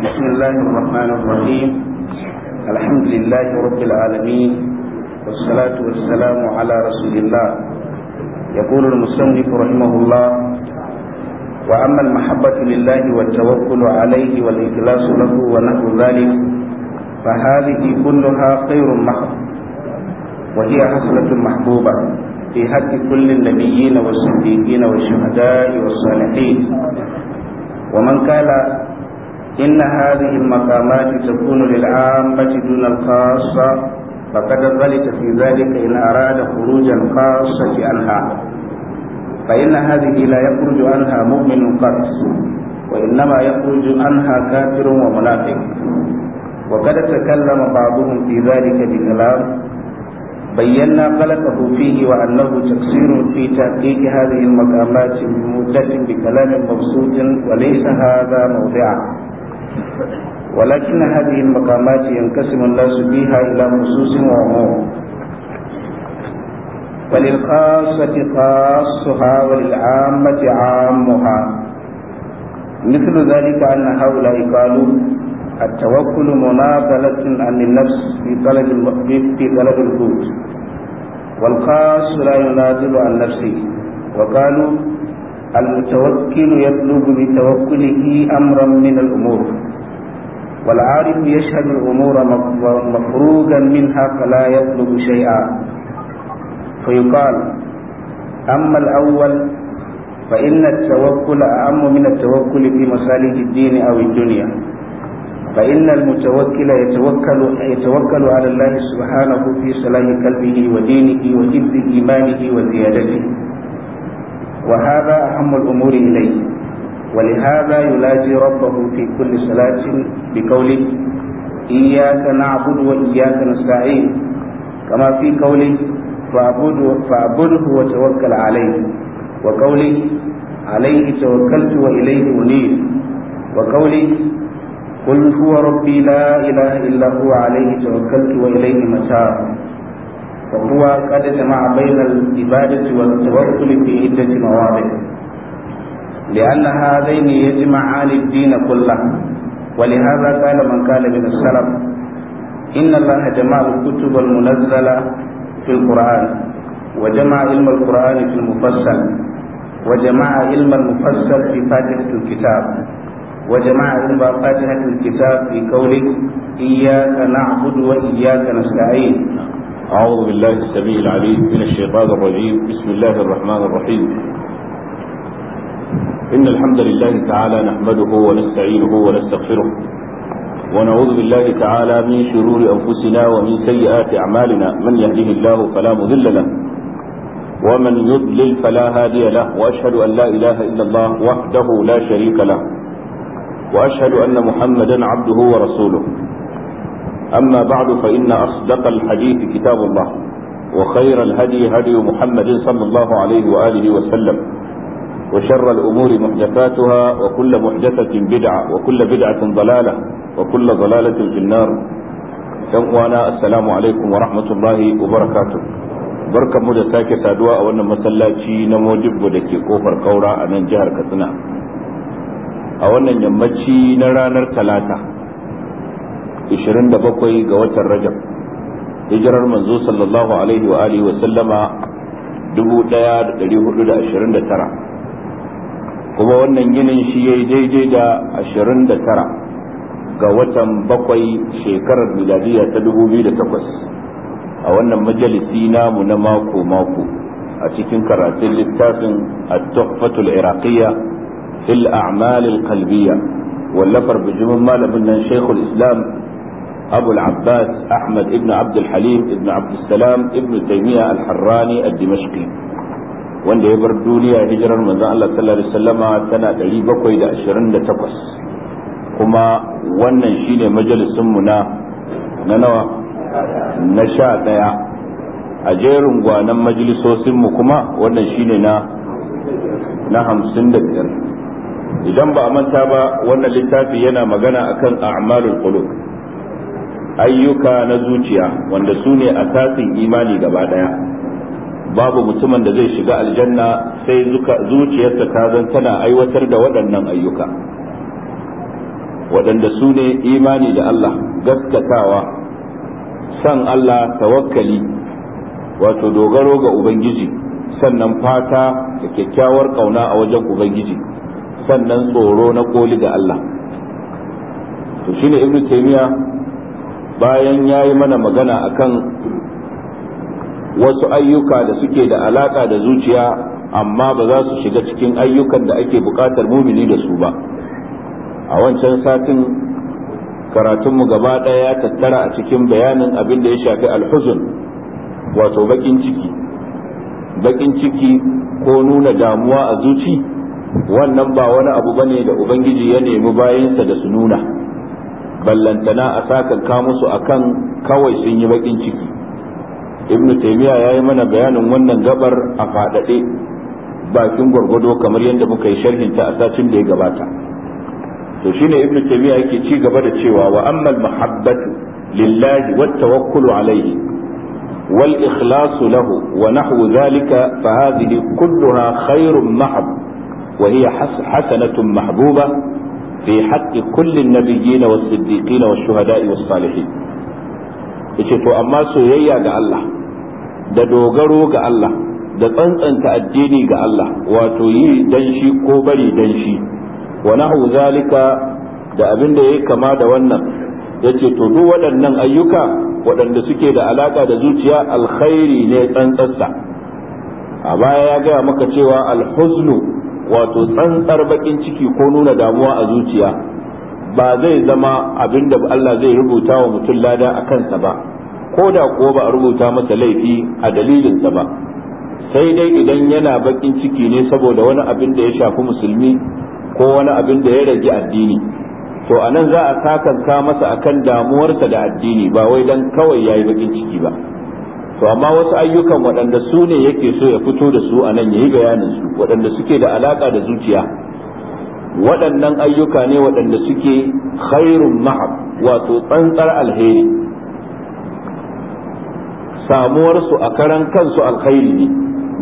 بسم الله الرحمن الرحيم الحمد لله رب العالمين والصلاة والسلام على رسول الله يقول المصنف رحمه الله وأما المحبة لله والتوكل عليه والإخلاص له ونحو ذلك فهذه كلها خير محض وهي حسنة محبوبة في حق كل النبيين والصديقين والشهداء والصالحين ومن قال إن هذه المقامات تكون للعامة دون الخاصة فقد غلط في ذلك إن أراد خروج الخاصة عنها فإن هذه لا يخرج عنها مؤمن قط وإنما يخرج عنها كافر ومنافق وقد تكلم بعضهم في ذلك بكلام بينا غلطه فيه وأنه تقصير في تحقيق هذه المقامات بمدة بكلام مبسوط وليس هذا موضعه ولكن هذه المقامات ينقسم الناس بها إلى خصوص وعموم وللخاصة خاصها وللعامة عامها مثل ذلك أن هؤلاء قالوا التوكل مناقلة عن النفس في طلب في طلب القوت والخاص لا ينازل عن نفسه وقالوا المتوكل يطلب بتوكله أمرا من الأمور والعارف يشهد الأمور مفروغا منها فلا يطلب شيئا فيقال أما الأول فإن التوكل أعم من التوكل في مصالح الدين أو الدنيا فإن المتوكل يتوكل, يتوكل على الله سبحانه في صلاح قلبه ودينه وجد إيمانه وزيادته وهذا أهم الأمور إليه ولهذا يلاجي ربه في كل صلاة بقوله إياك نعبد وإياك نستعين كما في قوله فاعبده, فاعبده وتوكل عليه وقوله عليه توكلت وإليه أنيب وقوله قل هو ربي لا إله إلا هو عليه توكلت وإليه متاب وهو قد جمع بين العبادة والتوكل في عدة مواضع لأن هذين يجمعان الدين كله ولهذا قال من قال من السلف إن الله جمع الكتب المنزلة في القرآن وجمع علم القرآن في المفصل وجمع علم المفصل في فاتحة الكتاب وجمع علم فاتحة الكتاب في قوله إياك نعبد وإياك نستعين أعوذ بالله السميع العليم من الشيطان الرجيم بسم الله الرحمن الرحيم إن الحمد لله تعالى نحمده ونستعينه ونستغفره ونعوذ بالله تعالى من شرور أنفسنا ومن سيئات أعمالنا من يهده الله فلا مذل له ومن يضلل فلا هادي له وأشهد أن لا إله إلا الله وحده لا شريك له وأشهد أن محمدا عبده ورسوله أما بعد فإن أصدق الحديث كتاب الله وخير الهدي هدي محمد صلى الله عليه وآله وسلم وشر الأمور محدثاتها وكل محدثة بدعة وكل بدعة ضلالة وكل ضلالة في النار وانا السلام عليكم ورحمة الله وبركاته بركة مدى ساكي سادوا أولا مسلاتي نموجب ودكي كوفر كورا أنا جهر كتنا أولا يمتشي نرانر ثلاثة 27 ga watan rajab hijirar manzo sallallahu alaihi wa alihi wa sallama 1429 kuma wannan ginin shi ya yi daidai da 29 ga watan bakwai shekarar miladiya ta 2008 a wannan majalisi namu na mako-mako a cikin karatun littafin at-tuhfatul iraqiyya fil a'mal qalbiyya wallafar bijimin malamin nan shekul islam أبو العباس أحمد ابن عبد الحليم ابن عبد السلام ابن تيمية الحراني الدمشقي wanda ya bar duniya hijirar manzon Allah sallallahu alaihi wasallama tana 728 kuma wannan shine majalisin mu na nawa na sha daya a jerin gwanan majalisosin kuma wannan shine na na 55 idan ba a manta ba wannan littafi yana magana kan a'malul qulub ayyuka na zuciya wanda su ne asasin imani gaba daya babu mutumin da zai shiga aljanna sai zuciyarsa ta zan tana aiwatar da waɗannan ayyuka waɗanda su ne imani da Allah gaskatawa san Allah tawakkali wato dogaro ga ubangiji sannan fata da kyakkyawar ƙauna a wajen ubangiji sannan tsoro na koli ga Allah to shine ibnu taymiya bayan ya yi mana magana akan wasu ayyuka da suke da alaka da zuciya amma ba za su shiga cikin ayyukan da ake buƙatar mumini da su ba a wancan satin karatunmu gaba ɗaya ya tattara a cikin bayanin abin da ya shafi alhuzun wato bakin ciki bakin ciki ko nuna damuwa a zuci wannan ba wani abu bane da ubangiji ya nemi bayansa da su nuna ballantana a sakan ka musu akan kawai sun yi bakin ciki ibn taymiya ya yi mana bayanin wannan gabar a fadade bakin gwargwado kamar yadda muka yi sharhinta a satin da ya gabata to shine ibn taymiya yake ci gaba da cewa wa ammal mahabbatu lillahi wat tawakkulu alayhi wal ikhlasu lahu wa nahwu zalika fa hadhihi kulluha khairun mahab wa hiya hasanatun mahbuba في حق kullin النبيين والصديقين والشهداء والصالحين yace to amma soyayya ga Allah da dogaro ga Allah da tsantsanta addini ga Allah wato yi dan ko bari danshi shi wa nahu zalika da abin da yayi kama da wannan yace to duk waɗannan ayyuka waɗanda suke da alaka da zuciya alkhairi ne tsantsansa a baya ya gaya maka cewa alhuznu wato tsantsar bakin ciki ko nuna damuwa a zuciya ba zai zama abin da Allah zai rubuta wa mutum lada a kansa ba ko da kuwa ba a rubuta masa laifi a dalilinsa ba sai dai idan yana bakin ciki ne saboda wani abin da ya shafi musulmi ko wani abin da ya rage addini to anan nan za a sakanka masa akan damuwarsa da addini ba wai dan kawai yayi bakin ciki ba to amma wasu ayyukan waɗanda su ne yake so ya fito da su a nan yayi bayanin su waɗanda suke da alaƙa da zuciya waɗannan ayyuka ne waɗanda suke khairun ma'ab wato tsantsar alheri samuwarsu a karan kansu alkhairi ne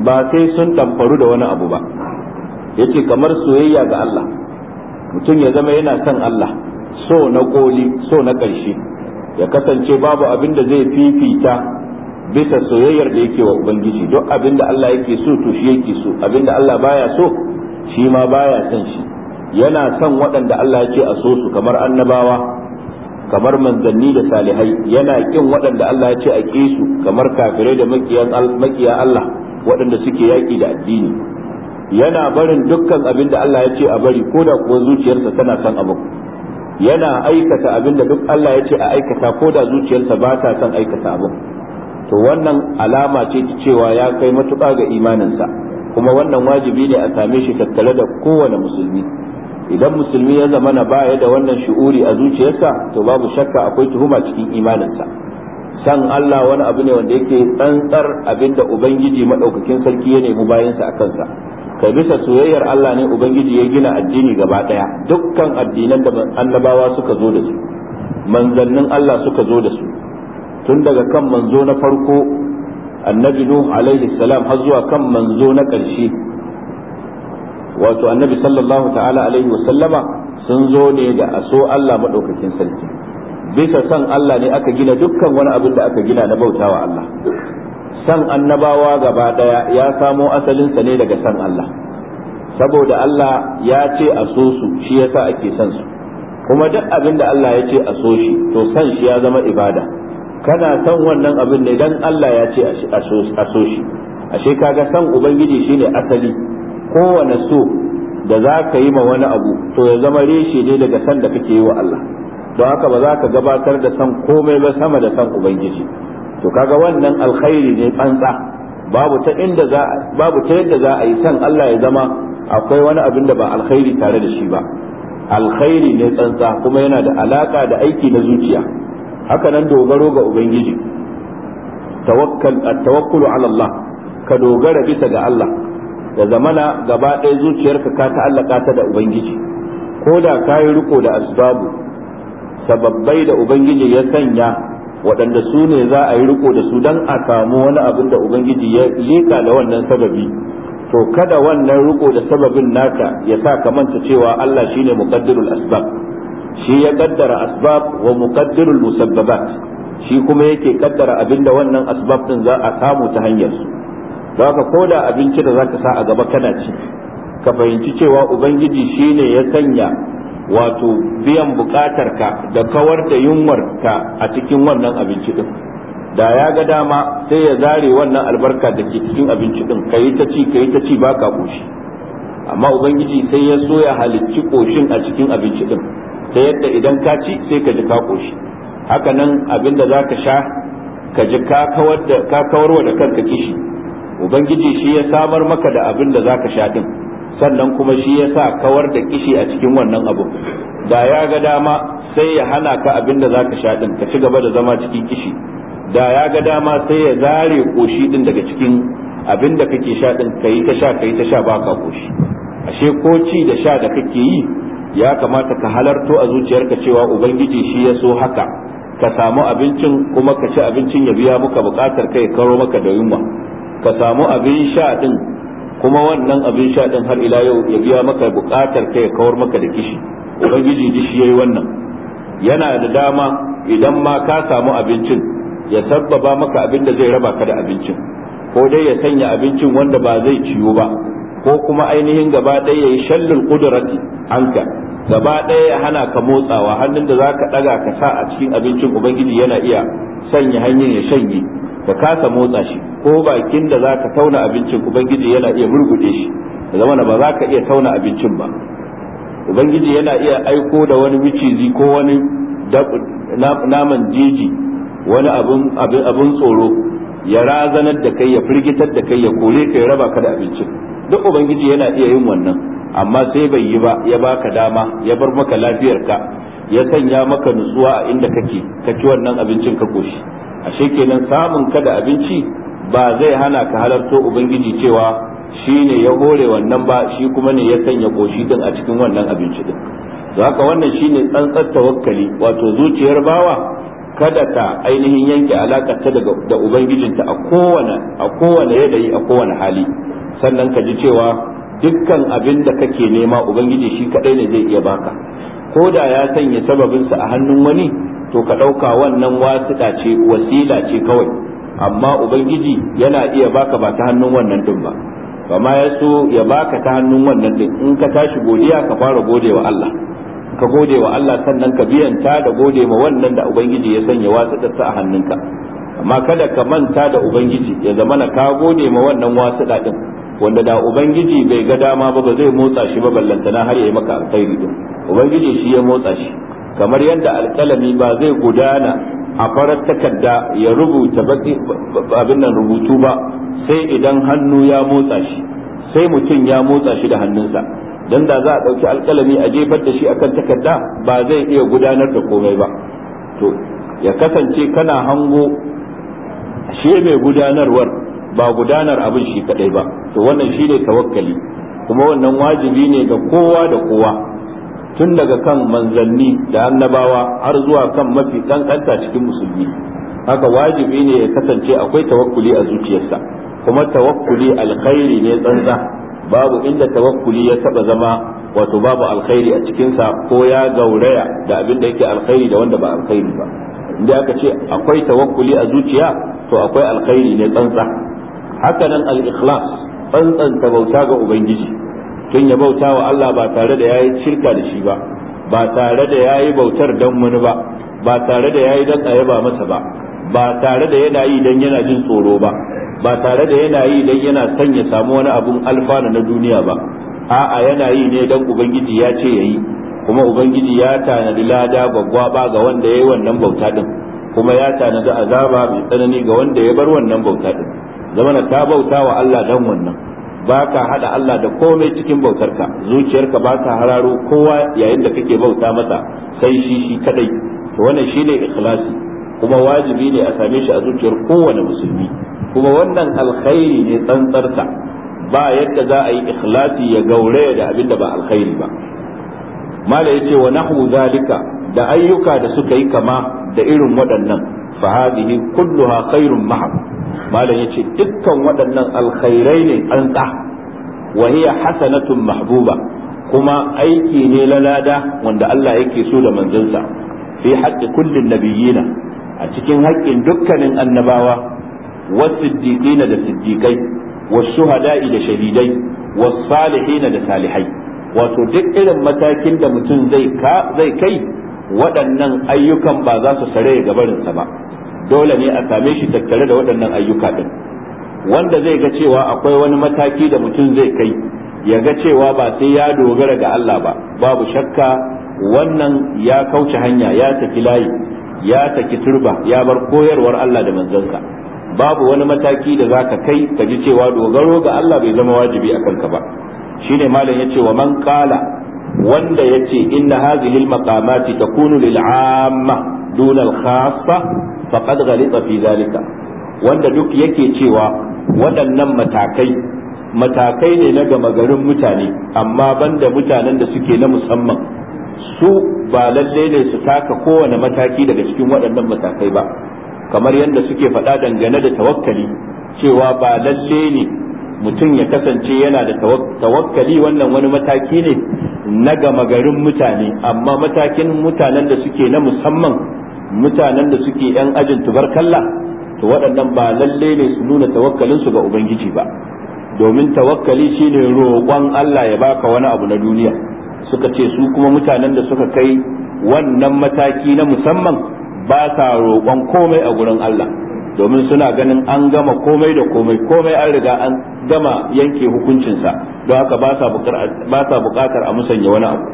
ba sai sun ɗamfaru da wani abu ba yace kamar soyayya ga Allah mutum ya zama yana son Allah so na koli so na ƙarshe ya kasance babu abin da zai fifita bisa soyayyar da yake wa ubangiji duk abin da Allah yake so to shi yake so abin da Allah baya so shi ma baya son shi yana son waɗanda Allah yake a so su kamar annabawa kamar manzanni da salihai yana kin waɗanda Allah ya a ƙi su kamar kafirai da makiya Allah waɗanda suke yaƙi da addini yana barin dukkan abin da Allah ya a bari ko da kuwa zuciyarsa tana son abu yana aikata abin da duk Allah ya a aikata ko da zuciyarsa ba ta son aikata abu to wannan alama ce ta cewa ya kai matuƙa ga imaninsa kuma wannan wajibi ne a same shi tattale da kowane musulmi idan musulmi ya zama na baya da wannan shi'uri a zuciyarsa to babu shakka akwai tuhuma cikin imaninsa san Allah wani abu ne wanda yake tsantsar abinda ubangiji madaukakin sarki ya nemi bayansa a kansa kai bisa soyayyar Allah ne ubangiji ya gina addini gaba daya dukkan addinan da annabawa suka zo da su manzannin Allah suka zo da su tun daga kan manzo na farko annabi nuh alaihi salam har zuwa kan manzo na ƙarshe wato annabi sallallahu ta'ala alaihi wasallama sun zo ne da aso Allah madaukakin sarki bisa san Allah ne aka gina dukkan wani abin da aka gina na bautawa Allah san annabawa gaba daya ya samo asalinsa ne daga san Allah saboda Allah ya ce a so su shi yasa ake san su kuma duk abin da Allah ya ce a so shi to san shi ya zama ibada kana san wannan abin ne dan Allah ya ce a so shi ashe kaga san ubangiji shine asali kowane so da za ka yi ma wani abu to ya zama reshe ne daga san da kake yi wa Allah don haka ba za ka gabatar da san komai ba sama da san ubangiji to kaga wannan alkhairi ne tsantsa babu ta inda za babu ta yadda za a yi san Allah ya zama akwai wani abin da ba alkhairi tare da shi ba alkhairi ne tsantsa kuma yana da alaka da aiki na zuciya haka nan dogaro ga ubangiji tawakkal tawakkulu ala Allah ka dogara bisa ga Allah da zamana gaba ɗaya zuciyarka ka ta'allaka ta da ubangiji ko da ka riko da asbabu sababbai da ubangiji ya sanya waɗanda su ne za a yi riko da su don a samu wani abin da ubangiji ya leka da wannan sababi to kada wannan riko da sababin naka ya sa ka manta cewa Allah shine muqaddirul asbab shi ya kaddara asbab wa muqaddirul musabbabat shi kuma yake kaddara abinda wannan asbab din za a samu ta hanyar su haka ko da abinci da zaka sa a gaba kana ci ka fahimci cewa ubangiji shine ya sanya wato biyan bukatar ka da kawar da yunwar ka a cikin wannan abinci din da ya ga dama sai ya zare wannan albarka da ke cikin abinci din kayi ta ci kai ta ci baka koshi amma ubangiji sai ya so ya halicci koshin a cikin abinci din ta yadda idan ka ci sai ka ji ka koshi haka nan abinda za ka sha ka ji ka kawarwa da kanka kishi ubangiji shi ya samar maka da abin da za ka sha din sannan kuma shi ya sa kawar da kishi a cikin wannan abu da ya ga dama sai ya hana ka abin da za ka sha din ka ci gaba da zama cikin kishi da ya ga dama sai ya zare koshi din daga cikin abin da kake sha din ka yi ta sha ka yi ta sha ba ka koshi ashe ko ci da sha da kake yi ya kamata ka halarto a zuciyarka cewa ubangiji shi ya so haka ka samu abincin kuma ka ci abincin ya biya muka bukatar kai karo maka da yunwa ka samu abin sha din kuma wannan abin sha din har ila yau ya biya maka bukatar kai ya kawar maka da kishi ubangiji ji shi yayi wannan yana da dama idan ma ka samu abincin ya sabbaba maka abin da zai raba ka da abincin ko dai ya sanya abincin wanda ba zai ciyo ba ko kuma ainihin gaba ɗaya ya yi shallin ƙudurati anka gaba ɗaya ya hana ka motsawa hannun da za ka ɗaga ka sa a cikin abincin ubangiji yana iya sanya hanyar ya shanye ka kasa motsa shi ko bakin da za ka tauna abincin ubangiji yana iya murguɗe shi da zama ba za ka iya tauna abincin ba ubangiji yana iya aiko da wani miciji ko wani naman jeji wani abin tsoro ya razanar da kai ya firgitar da kai ya kore ka ya raba ka da abincin duk ubangiji yana iya yin wannan amma sai bai yi ba ya baka dama ya bar maka lafiyar ka ya sanya maka nutsuwa a inda kake ka wannan abincin ka koshi ashe kenan samun ka da abinci ba zai hana ka halarto ubangiji cewa shi ne ya hore wannan ba shi kuma ne ya sanya koshi din a cikin wannan abinci din haka wannan shine tsantsar tawakkali wato zuciyar bawa kada ka ainihin yanke alakarta da ubangijinta a kowane a kowane a kowane hali sannan ka ji cewa dukkan abin da kake nema ubangiji shi kadai ne zai iya baka ko da ya sanya sababinsa a hannun wani to ka ɗauka wannan wasiƙa ce wasila ce kawai amma ubangiji yana iya baka ba ta hannun wannan din ba amma ya so ya baka ta hannun wannan din in ka tashi godiya ka fara gode wa Allah ka gode wa Allah sannan ka biyanta da gode ma wannan da ubangiji ya sanya ta a hannunka amma kada ka manta da ubangiji ya zamana ka gode ma wannan wasiɗa din wanda da ubangiji bai ga dama ba ba zai motsa shi ba ballantana har yayi maka alkhairi din ubangiji shi ya motsa shi kamar yadda alƙalami ba zai gudana a farar takarda ya rubuta abin nan rubutu ba sai idan hannu ya motsa shi sai mutum ya motsa shi da hannunsa dan da za a ɗauki alƙalami a jefar da shi akan takarda ba zai iya gudanar da komai ba to ya kasance kana hango shi mai gudanarwar ba gudanar abin shi kadai ba to wannan shi ne tawakkali kuma wannan wajibi ne ga kowa da kowa tun daga kan manzanni da annabawa har zuwa kan mafi kankanta cikin musulmi haka wajibi ne ya kasance akwai tawakkuli a zuciyarsa kuma tawakkuli alkhairi ne tsantsa babu inda tawakkuli ya taba zama wato babu alkhairi a cikinsa ko ya gauraya da abin da yake alkhairi da wanda ba alkhairi ba inda aka ce akwai tawakkuli a zuciya to akwai alkhairi ne tsantsa haka nan al-ikhlas tsantsanta bauta ga ubangiji tun ya bauta wa Allah ba tare da yayi shirka da shi ba ba tare da yayi bautar dan wani ba ba tare da yayi dan tsaye ba masa ba ba tare da yana yi dan yana jin tsoro ba ba tare da yana yi dan yana son ya samu wani abun alfana na duniya ba a'a yana yi ne dan ubangiji ya ce yayi kuma ubangiji ya tanadi lada ba ga wanda yayi wannan bauta din kuma ya tanadi azaba mai tsanani ga wanda ya bar wannan bauta din zamana ta bauta wa Allah dan wannan baka hada Allah da komai cikin bautarka zuciyarka ba ta hararo kowa yayin da kake bauta masa sai shi shi kadai to wannan shine ikhlasi kuma wajibi ne a same shi a zuciyar kowane musulmi kuma wannan alkhairi ne tsantsarsa ba yadda za a yi ikhlasi ya gauraya da abin da ba alkhairi ba mala yace wa nahu zalika da ayyuka da suka yi kama da irin waɗannan fa hadhihi kulluha khairun mahab mala yace dukkan waɗannan alkhairai ne tsantsa wa hiya hasanatun mahbuba kuma aiki ne lalada wanda Allah yake so da manzansa fi haqqi kullin nabiyina a cikin haƙƙin dukkanin annabawa wasiddiqina da siddiqai washuhada'i da shahidai wasalihina da salihai wato duk irin matakin da mutum zai zai kai waɗannan ayyukan ba za su sare ga barinsa ba dole ne a same shi tattare da waɗannan ayyuka din wanda zai ga cewa akwai wani mataki da mutum zai kai ya ga cewa ba sai ya dogara ga Allah ba babu shakka wannan ya kauce hanya ya tafi layi ya saki turba ya bar koyarwar Allah da manzansa babu wani mataki da zaka kai ka ji cewa dogaro ga Allah bai zama wajibi akan ka ba shine malam yace wa man qala wanda yace inna hadhihi al-maqamati takunu lil 'amma duna al-khassa faqad ghalita fi zalika wanda duk yake cewa waɗannan matakai matakai ne na gama garin mutane amma banda mutanen da suke na musamman su ba lalle ne su taka kowane mataki daga cikin waɗannan matakai ba kamar yadda suke faɗa dangane da tawakkali cewa ba lalle ne mutum ya kasance yana da tawakkali wannan wani mataki ne na gama garin mutane amma matakin mutanen da suke na musamman mutanen da suke 'yan ajin tubarkalla to waɗannan ba lalle ne su nuna tawakkalinsu ga ubangiji ba domin tawakkali shine roƙon Allah ya baka wani abu na duniya suka ce su kuma mutanen da suka kai wannan mataki na musamman ba sa roƙon komai a gurin Allah domin suna ganin an gama komai da komai komai an riga an gama yanke hukuncinsa don haka ba sa buƙatar a musanya wani abu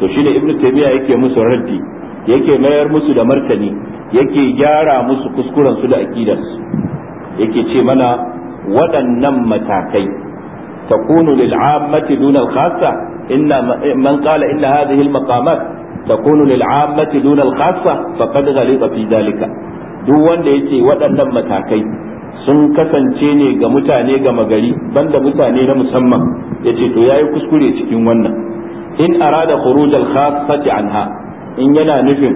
to shine ibnu taymiya yake musu raddi yake mayar musu da martani yake gyara musu kuskuren su da aqidarsu yake ce mana waɗannan matakai takunu lil ammati al khassa inna من قال inna هذه المقامات تكون takunu دون 'ammati فقد غلط في ذلك ghalita fi duk wanda yace waɗannan matakai sun kasance ne ga mutane gama gari banda mutane na musamman yace to yayi kuskure cikin wannan in arada khuruj al-khassati anha in yana nufin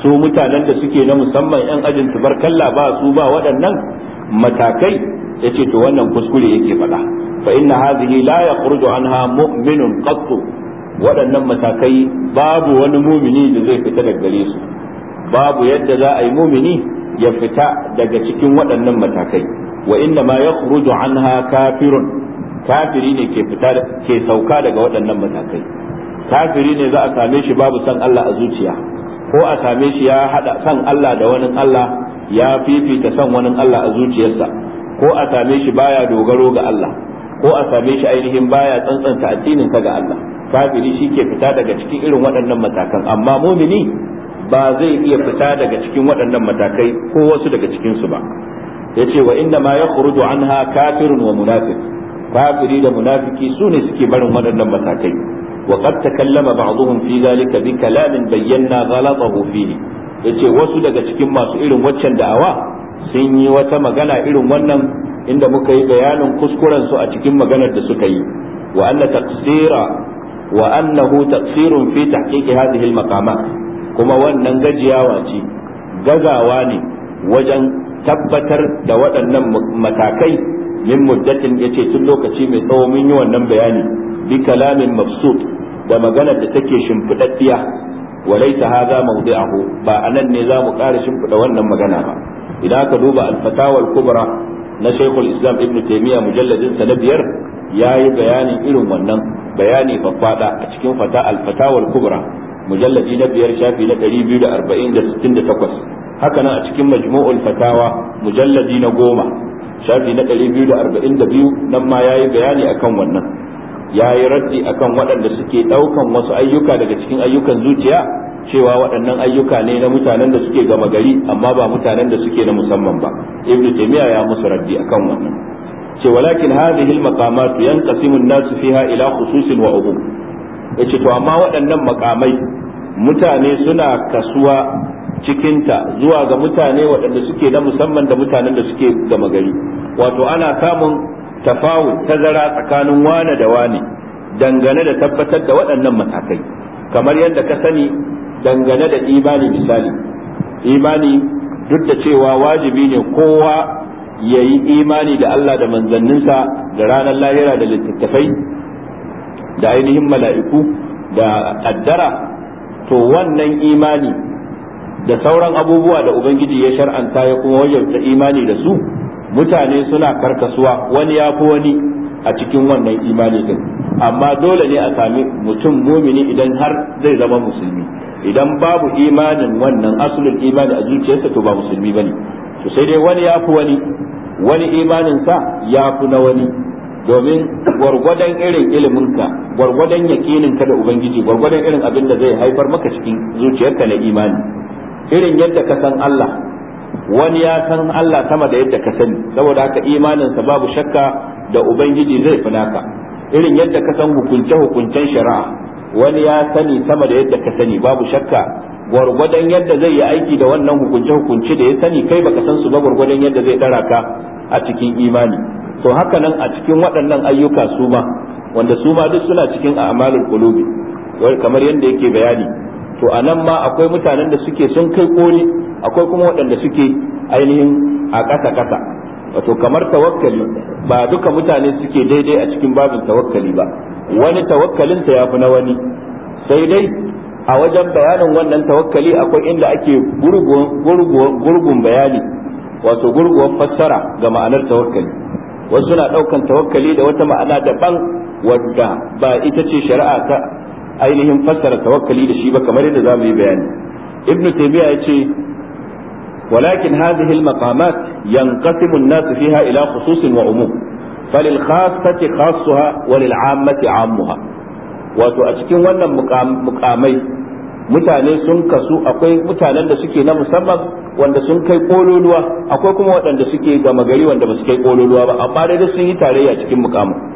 su mutanen da suke na musamman yan ajin tubarkalla ba su ba waɗannan matakai yace to wannan kuskure yake faɗa fa inna hadhihi la yakhruju anha mu'minun qatt waɗannan matakai babu wani mumini da zai fita daga gare su babu yadda za a yi mumini ya fita daga cikin waɗannan matakai wa inna ma yakhruju anha kafirun kafiri ne ke fita ke sauka daga waɗannan matakai kafiri ne za a same shi babu san Allah a zuciya ko a same shi ya hada san Allah da wani Allah ya fifita san wani Allah a zuciyarsa ko a same shi baya dogaro ga Allah ko a same shi ainihin baya tsantsanta addinin ka ga Allah kafiri shi ke fita daga cikin irin waɗannan matakan amma mumini ba zai iya fita daga cikin waɗannan matakai ko wasu daga cikin su ba yace wa inda ma yakhruju anha kafirun wa munafiq kafiri da munafiki sune suke barin waɗannan matakai wa qad takallama ba'dhum fi zalika bi kalamin bayyana ghalatahu fihi yace wasu daga cikin masu irin waccan da'awa sun yi wata magana irin wannan inda muka yi bayanin kuskuren su a cikin maganar da suka yi wa anna taqsira wa annahu taqsirun fi tahqiqi hadhihi al-maqamat kuma wannan gajiyawa ce gazawa ne wajen tabbatar da waɗannan matakai min muddatin yace tun lokaci mai tsawo mun yi wannan bayani bi kalamin mabsut da maganar da take shimfidaddiya walaita hadha mawdi'ahu ba anan ne za mu ƙara shimfida wannan magana ba idan aka duba al-fatawa al-kubra na shaykhul islam ibnu taymiya mujalladin sa na biyar yayi bayani irin wannan bayani babbada a cikin fata al kubra mujalladi na biyar shafi na 248 haka nan a cikin majmu'ul fatawa mujalladi na goma shafi na 242 nan ma yayi bayani akan wannan yayi raddi akan waɗanda suke ɗaukan wasu ayyuka daga cikin ayyukan zuciya cewa waɗannan ayyuka ne na mutanen da suke gama gari amma ba mutanen da suke na musamman ba ibnu taymiya ya musu raddi akan wannan ce walakin hadhihi al-maqamat yanqasimu an-nasu fiha ila khususin wa umum yace to amma waɗannan makamai mutane suna kasuwa cikinta zuwa ga mutane waɗanda suke na musamman da mutanen da suke gama gari wato ana samun tafawun tazara tsakanin wane da wane dangane da tabbatar da waɗannan matakai kamar yadda ka sani dangane da imani misali imani duk da cewa wajibi ne kowa ya yi imani da Allah da manzanninsa da ranar lahira da littattafai da ainihin mala'iku da addara to wannan imani da sauran abubuwa da Ubangiji ya shar'anta ya kuma wajabta imani da su mutane suna karkasuwa wani ya fi wani a cikin wannan imani din amma dole ne a sami mutum mumini idan har zai zama musulmi idan babu imanin wannan asulin imani a zuciyarsa to ba musulmi bane to sai dai wani yafi wani wani imanin sa yafi na wani domin gwargwadon irin iliminka gwargwadon ka da ubangiji gwargwadon irin abin da zai haifar maka cikin zuciyarka na imani irin yadda ka san Allah wani ya san Allah sama da yadda ka sani saboda haka imaninsa babu shakka da ubangiji zai fi irin yadda ka san hukunce hukuncen shari'a wani ya sani sama da yadda ka sani babu shakka gwargwadon yadda zai yi aiki da wannan hukunce hukunce da ya sani kai baka san su ba gwargwadon yadda zai dara ka a cikin imani to haka nan a cikin waɗannan ayyuka su ma wanda su ma duk suna cikin a'malul qulubi kamar yadda yake bayani to a nan ma akwai mutanen da suke sun kai koli akwai kuma waɗanda suke ainihin a ƙasa ƙasa wato kamar tawakkali ba duka mutane suke daidai a cikin babin tawakkali ba wani tawakkalin ya fi na wani sai dai a wajen bayanin wannan tawakkali akwai inda ake gurgun bayani wato gurguwar fassara ga ma'anar tawakkali wasu na ɗaukan tawakkali da wata ma'ana daban wadda ba ita ce shari'a ta ainihin fassara tawakkali da shi ba kamar yadda zamu yi bayani ibnu taymiya yace walakin hadhihi al-maqamat yanqasimu an-nas fiha ila khususin wa umu falil khassati khassuha wato a cikin wannan mukamai mutane sun kasu akwai mutanen da suke na musamman wanda sun kai kololuwa akwai kuma waɗanda suke gama gari wanda ba su kai kololuwa ba amma dai sun yi tarayya cikin mukamai.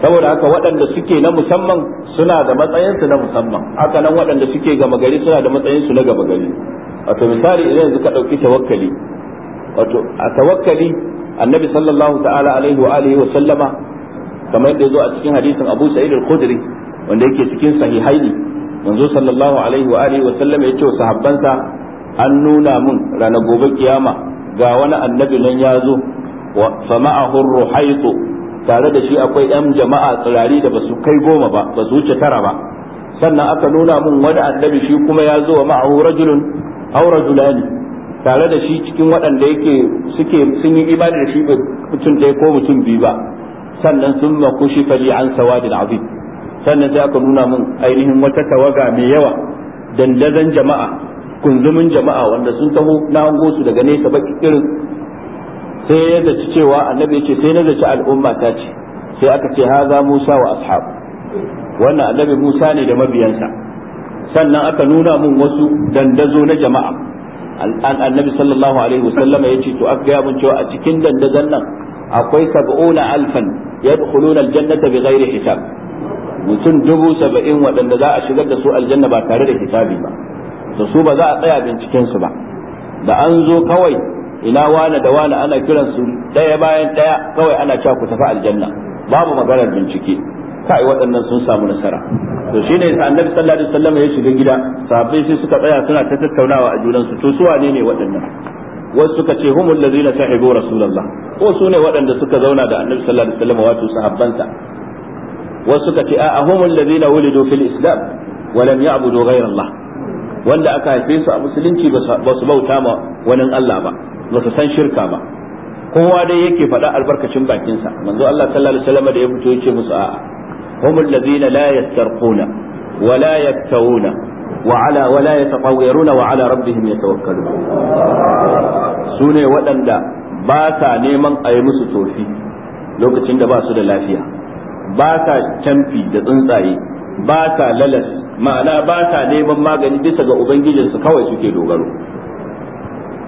saboda haka waɗanda suke na musamman suna da matsayinsu na musamman haka nan waɗanda suke gama gari suna da matsayinsu na gama gari wato misali idan yanzu ka ɗauki tawakkali wato a tawakkali annabi sallallahu ta'ala alaihi wa alihi wa sallama kamar yadda zo a cikin hadisin Abu Sa'id al-Khudri wanda yake cikin sahihaini manzo sallallahu alaihi wa alihi wa sallama yace wa sahabbansa an nuna mun ranar gobe kiyama ga wani annabi nan ya zo wa sama'ahu ar-ruhaytu tare da shi akwai yan jama'a tsirari da basu kai goma ba ba su wuce tara ba sannan aka nuna mun wani annabi shi kuma ya zo wa ma'ahu rajulun aw ne tare da shi cikin waɗanda yake suke sun yi imani da shi mutum ɗaya ko mutum biyu ba sannan sun makushi fali an sawadin abin sannan sai aka nuna mun ainihin wata tawaga mai yawa dandazon jama'a kunzumin jama'a wanda sun taho na hango su daga nesa ba irin sai ya zaci cewa annabi yake sai na zaci al'umma ta ce sai aka ce haza Musa wa ashabu wannan annabi Musa ne da mabiyansa sannan aka nuna mun wasu dandazo na jama'a annabi sallallahu alaihi wasallam ya ce to aka gaya mun cewa a cikin dandazon nan akwai sab'una alfan yadkhuluna aljannata bighairi hisab mutum dubu saba'in waɗanda za a shigar da su aljanna ba tare da hisabi ba da su ba za a tsaya binciken su ba da an zo kawai ina wane da wane ana kiransu daya bayan daya kawai ana cewa ku tafi aljanna babu maganar bincike kai waɗannan sun samu nasara to shine annabi sallallahu alaihi wasallam ya shiga gida sahabbai sai suka tsaya suna ta tattaunawa a junansu to su wane ne waɗannan wasu suka ce humul ladzina sahibu rasulullah ko su ne waɗanda suka zauna da annabi sallallahu alaihi wasallam wato sahabbansa wasu suka ce a humul ladzina wulidu fil islam wa lam ya'budu ghayra allah wanda aka haife su a musulunci ba su bauta ma wani Allah ba ba su san shirka ba kowa dai yake faɗa albarkacin bakinsa manzo Allah sallallahu alaihi wasallam da ya fito yace musu a'a humul ladina la yastarquna wa la yaktawuna wa ala wa la yatawayyaruna wa ala rabbihim yatawakkalun sune waɗanda ba sa neman a yi musu tofi lokacin da ba su da lafiya ba sa canfi da tsuntsaye ba sa lalas ma'ana ba sa neman magani bisa ga ubangijinsu kawai suke dogaro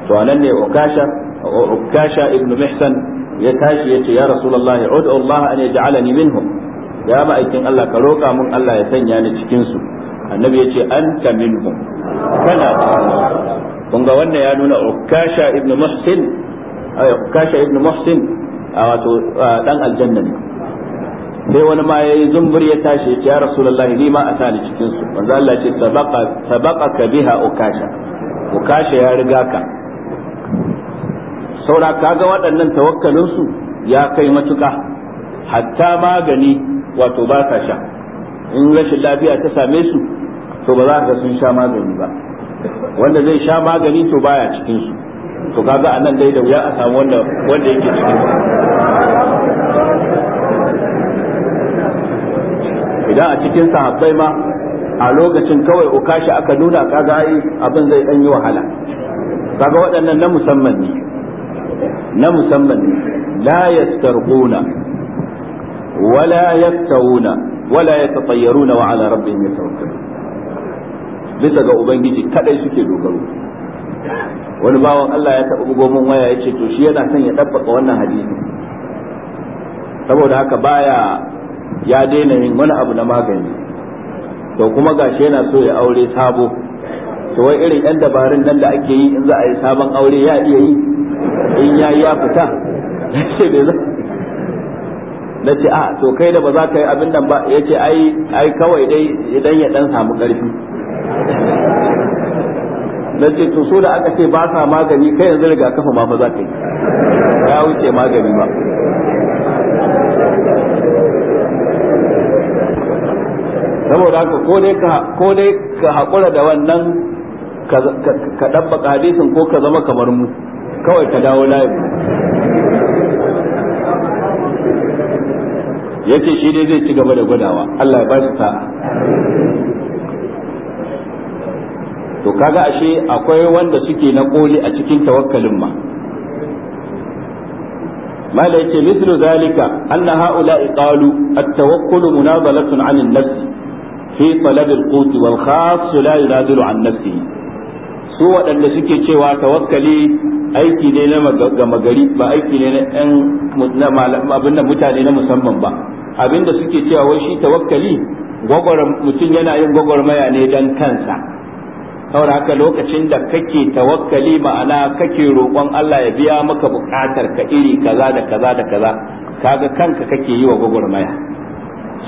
to anan ne ibnu mihsan ya tashi yace ya rasulullahi ud'u Allah an yaj'alani minhum ya ma'aikin Allah ka roƙa mun Allah ya sanya ni cikin annabi wannan ya nuna ukasha ibnu muhsin ay ukasha muhsin wato dan aljanna ne sai wani ma yayi zumbur ya tashi yace ya rasulullahi ni ma a sani cikin su manzo Allah ya ce sabaqa sabaqa biha ukasha ukasha ya riga ka saura kaga waɗannan tawakkalinsu ya kai matuƙa hatta magani wato ba sa sha in rashin lafiya ta same su to ba za ka sun sha magani ba wanda zai sha magani to baya cikin to kaga anan dai da wuya a samu wanda wanda yake cikin idan a cikin sahabbai ma a lokacin kawai ukashi aka nuna kaga ai abin zai ɗan yi wahala kaga waɗannan na musamman ne na musamman la yastarquna wala yaktawuna wala yatatayyaruna wa ala rabbihim yatawakkalun bisa ga ubangiji kadai suke dogaro wani bawan Allah ya taɓa bugo waya ya ce to shi yana son ya ɗabbaka wannan hadisi saboda haka baya ya daina yin wani abu na magani to kuma gashi yana so ya aure sabo to wai irin yan dabarun nan da ake yi in za a yi sabon aure ya iya yi in yayi ya fita yace ne za? na ce a ah, to kai da ba za ka yi abin nan ba ya ce ai kawai dai idan ya dan samu ƙarfi na ce to so da aka ce ba sa magani kai yanzu riga kafa ma fa za ka yi ya wuce magani ba saboda ko ka ko dai ka haƙura da wannan ka ɗabba hadisin ko ka zama kamar mu kawai ka dawo layin yace shi dai zai ci gaba da gwadawa Allah ya ba shi sa'a to kaga ashe akwai wanda suke na koli a cikin tawakkalin ma mala yace mithlu zalika anna haula qalu at-tawakkul munazalatun 'anil nafs fi talab al wal khas la yunadilu 'an nafsihi su waɗanda suke cewa tawakkali aiki ne na gama gari ba aiki ne na ɗan abin da mutane na musamman ba abin da suke cewa wai shi tawakkali mutum yana yin gwagwarmaya ne don kansa saboda haka lokacin da kake tawakkali ma'ana kake roƙon Allah ya biya maka buƙatar ka iri kaza da kaza da kaza kaga kanka kake yi wa gwagwarmaya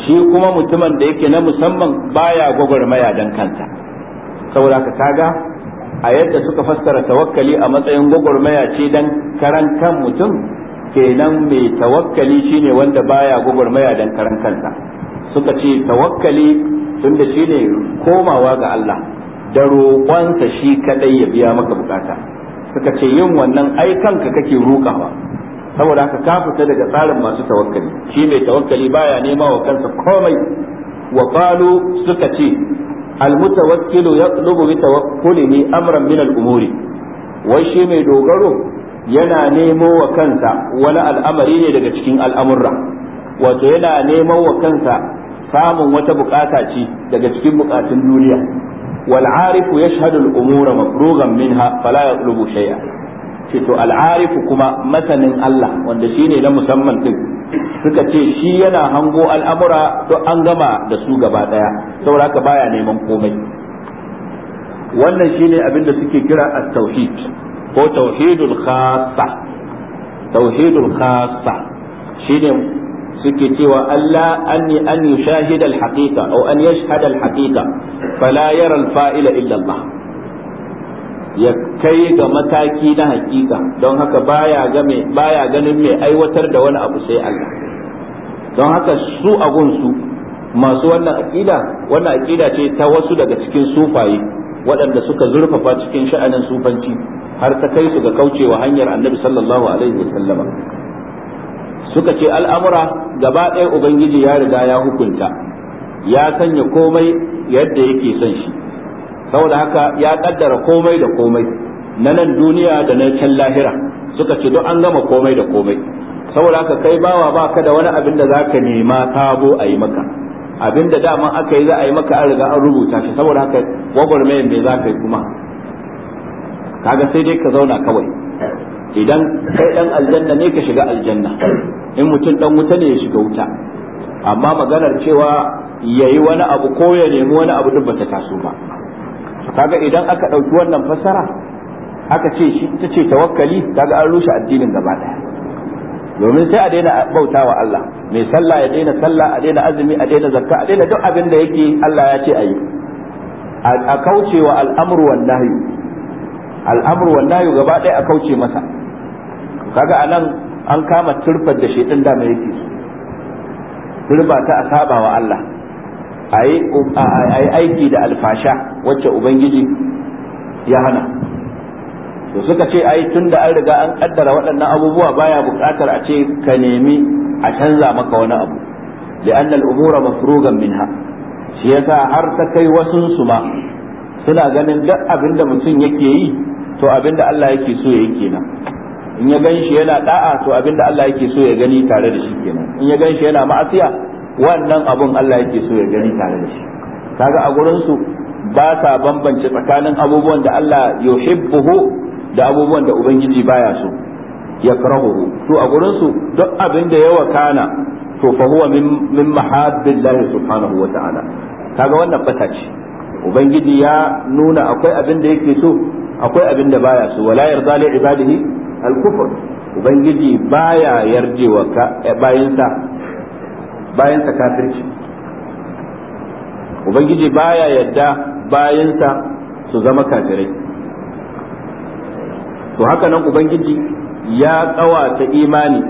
shi kuma mutumin da yake na musamman baya gwagwarmaya don kansa saboda haka kaga a yadda suka fassara tawakkali a matsayin gwagwarmaya ce dan karan kan mutum kenan mai tawakkali shine wanda baya gwagwarmaya dan karan kansa suka ce tawakkali tunda shine komawa ga Allah da roƙonsa shi kadai ya biya maka bukata suka ce yin wannan ai kanka kake rokawa saboda haka ka fita daga tsarin masu tawakkali shi mai tawakkali baya nema wa kansa komai wa qalu suka ce المتوكل يطلب بتوكله أمرا من الأمور وشي مي دوغرو wa kansa wani al'amari ne daga cikin al'amurra, wato yana neman wa kansa samun wata bukata ce daga cikin bukatun duniya walarifu ya yashhadu umura mafrugan minha fala yatlubu shay'a ce to al kuma masanin Allah wanda shine na musamman din suka ce shi yana hango al'amura to an gama da su gaba ɗaya saboda haka baya neman komai wannan shine abin da suke kira at-tauhid ko tauhidul khassa tauhidul khassa ne suke cewa Allah anni an yushahida al-haqiqa aw an yashhada al-haqiqa fala yaran faila illa Allah ya kai ga mataki na hakika don haka baya ganin mai aiwatar da wani abu sai Allah don haka su agun su masu wannan aƙida wannan aqida ce ta wasu daga cikin sufaye waɗanda suka zurfafa cikin sha'anin sufanci har ta kai su ga kaucewa hanyar annabi sallallahu alaihi wasallama suka ce al'amura gaba ɗaya ubangiji ya riga ya hukunta ya sanya komai yadda yake son shi saboda haka ya kaddara komai da komai na nan duniya da na can lahira suka ce duk an gama komai da komai saboda haka kai bawa ba ka da wani abin da za ka nema sabo a yi maka abin da dama aka yi za a yi maka an riga an rubuta shi saboda haka mai mai za ka yi kuma kaga sai dai ka zauna kawai idan kai dan aljanna ne ka shiga aljanna in mutum dan wuta ne ya shiga wuta amma maganar cewa yayi wani abu ko ya nemi wani abu duk bata taso ba kaga idan aka ɗauki wannan fassara aka ce shi ita ce tawakkali kaga an rushe addinin gaba ɗaya domin sai a daina wa Allah mai sallah ya daina sallah a daina azumi a daina zakka a daina duk abin da yake Allah ya ce a yi a kauce wa al'amru wan nahyu al'amru wan nahyu gaba ɗaya a kauce masa kaga anan an kama turfar da shedan da mai yake turba ta asaba wa Allah a yi aiki da alfasha wacce ubangiji ya hana to suka ce ai tun da an riga an kaddara waɗannan abubuwa baya buƙatar a ce ka nemi a canza maka wani abu li'anna al'umura mafrugan minha shi yasa har ta kai wasun su ma suna ganin duk abin da mutum yake yi to abin da Allah yake so ya na in ya gan shi yana da'a to abin da Allah yake so ya gani tare da shi kenan in ya gan shi yana ma'asiya wannan abun Allah yake so ya gani tare da shi kaga a gurin su ba sa bambance tsakanin abubuwan da Allah yuhibbuhu da abubuwan da ubangiji baya so karahu to a gurin su duk abin da ya kana to fa huwa min mahabbillahi subhanahu wa ta'ala kaga wannan fata ce ubangiji ya nuna akwai abin da yake so akwai abin da baya so wala yarda li ibadihi al-kufr ubangiji baya yarjewa eh, bayinsa. bayan sa kafirci ubangiji baya yadda bayansa su zama kafirai to haka nan ubangiji ya kawata imani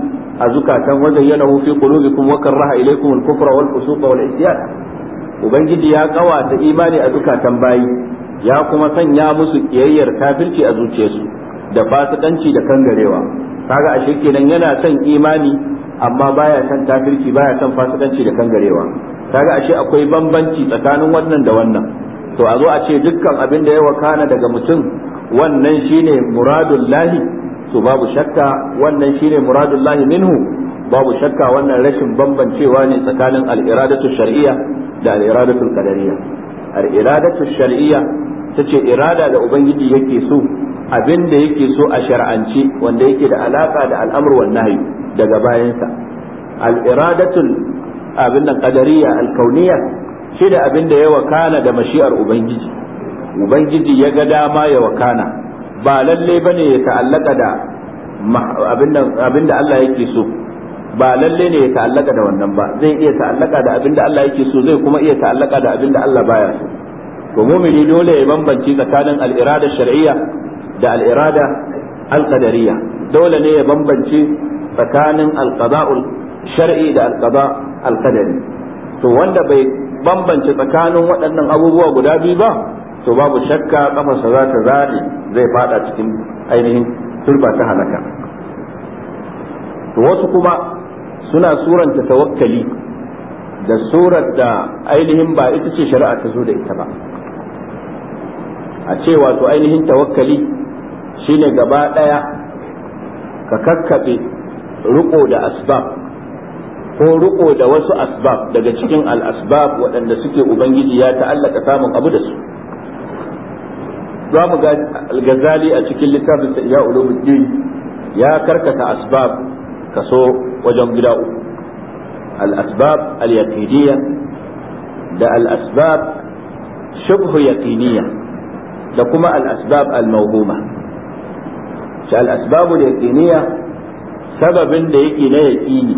a zukatan wanda yana fi qulubikum wa karaha ilaykum al-kufra wal fusuqa wal isyan ubangiji ya kawata imani a zukatan bayi ya kuma sanya musu kiyayyar kafirci a zuciyarsu da fasikanci da kangarewa kaga ashe kenan yana son imani amma baya san kafirci baya san fasikanci da kangarewa kaga ashe akwai bambanci tsakanin wannan da wannan to a zo a ce dukkan abin da ya wakana daga mutum wannan shine muradul lahi to babu shakka wannan shine muradul lahi minhu babu shakka wannan rashin bambancewa ne tsakanin al-iradatu shar'iyya da al-iradatu qadariyya al-iradatu shar'iyya tace irada da ubangiji yake so abin da yake so a shar'ance wanda yake da alaka da al'amur wan nahyi daga bayansa al-iradatul abin nan qadariyya al-kauniyya shi da abin da ya wakana da mashi'ar ubangiji ubangiji ya ga dama ya wakana ba lalle bane ya ta'allaka da abin da Allah yake so ba lalle ne ya ta'allaka da wannan ba zai iya ta'allaka da abin da Allah yake so zai kuma iya ta'allaka da abin da Allah baya so to mumini dole ya bambanci tsakanin al-irada shar'iyya da al-irada al-qadariyya dole ne ya bambance tsakanin alqada'ul shar'i da alqada alqadari to wanda bai bambance tsakanin waɗannan abubuwa guda biyu ba to babu shakka kafarsa za ta zane zai fada cikin ainihin turba ta halaka to wasu kuma suna suranta tawakkali da surar da ainihin ba ita ce shari'a ta zo da ita ba a ce wato ainihin tawakkali shine gaba ɗaya ka kakkaɓe riƙo da asbab ko riƙo da wasu asbab daga cikin al'asbab waɗanda suke ubangiji ya ta'allaka samun abu da su za mu ga al-ghazali a cikin littafin sa ya ulumuddin ya karkata asbab kaso wajen gida uku al-asbab al-yaqiniyya da al-asbab shubhu yaqiniyya da kuma al-asbab al-mawhuma shi al-asbab al sababin da yake na yaƙini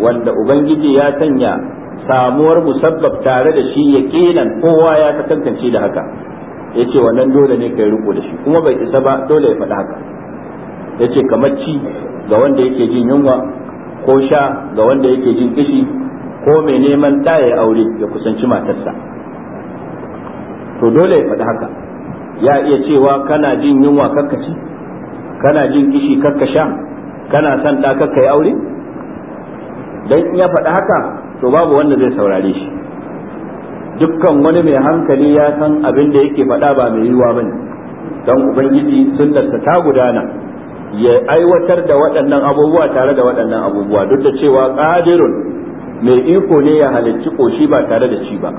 wanda ubangiji ya sanya samuwar musabbab tare da shi yaƙinan kowa ya ta tantance da haka yace wannan dole ne kai riko da shi kuma bai isa ba dole ya faɗi haka yace kamar ci ga wanda yake jin yunwa ko sha ga wanda yake jin kishi ko mai neman ɗaya ya aure ya kusanci matarsa to dole ya faɗi haka ya iya cewa kana jin yunwa karkaci kana jin kishi karka sha kana son ɗaka kakkai aure dan in ya faɗi haka to babu wanda zai saurare shi dukkan wani mai hankali ya san abin da yake faɗa ba mai yiwuwa ba ne. Don ubangiji sunnarsa ta gudana ya aiwatar da waɗannan abubuwa tare da waɗannan abubuwa duk da cewa ƙadirun mai iko ne ya halicci ƙoshi ba tare da ci ba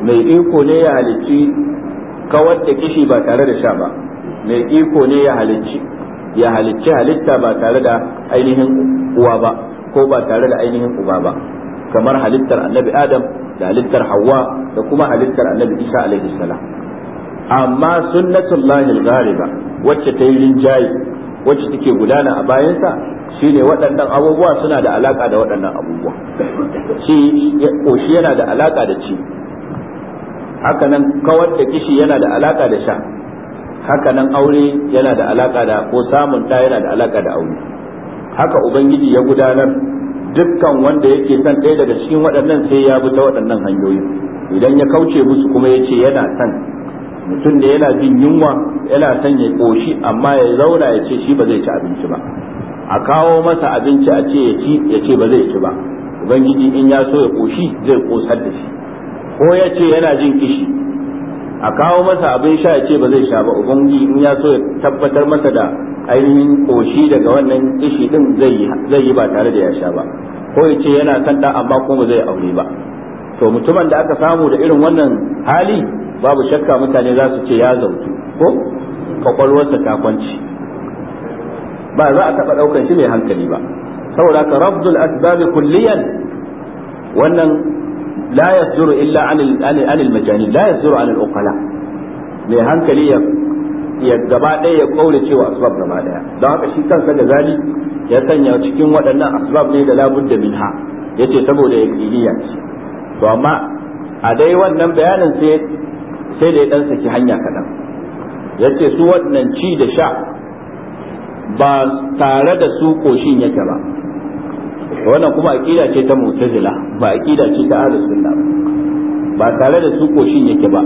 mai iko ne ya halicci kawar da kishi ba tare da sha ba mai iko ne ya halicci ya halicci halitta ba tare da ainihin uwa ba ko ba tare da ainihin uba ba kamar halittar annabi adam da halittar hawa da kuma halittar annabi isa alaihi salam amma sunnatullahi al-ghaliba wacce ta yi rinjaye wacce take gudana a bayansa shine waɗannan abubuwa suna da alaka da waɗannan abubuwa shi koshi yana da alaka da ci haka nan kawar da kishi yana da alaka da sha haka nan aure yana da alaka da ko samun ta yana da alaka da aure haka ubangiji ya gudanar dukkan wanda yake son ɗaya daga cikin waɗannan sai ya bi ta waɗannan hanyoyi idan ya kauce musu kuma ya ce yana son mutum da yana jin yunwa yana son ya ƙoshi amma ya zauna ya ce shi ba zai ci abinci ba a kawo masa abinci a ce ya ci ya ce ba zai ci ba ubangiji in ya so ya ƙoshi zai ƙosar da shi ko ya ce yana jin kishi a kawo masa abin sha ya ce ba zai sha ba ubangi in ya so ya tabbatar masa da ainihin koshi daga wannan kishi din zai yi ba tare da ya sha ba ko ya ce yana san da amma kuma zai aure ba to mutumin da aka samu da irin wannan hali babu shakka mutane za su ce ya zautu ko kwakwalwarsa ta kwanci ba za a taɓa ɗaukar shi mai hankali ba saboda ka rabdul asbab kulliyan wannan la yasduru illa an majani la yasduru an al mai hankali ya ya gaba ɗaya ya kaure cewa asbab gaba ɗaya don haka shi kansa gazali ya sanya cikin waɗannan asbab ne da labudda minha yace saboda yaqiniya ce to amma a dai wannan bayanin sai sai da ya dan saki hanya kaɗan yace su waɗannan ci da sha ba tare da su koshin yake ba wannan kuma aqida ce ta mu'tazila ba aqida ce ta ahlus sunna ba tare da su koshin yake ba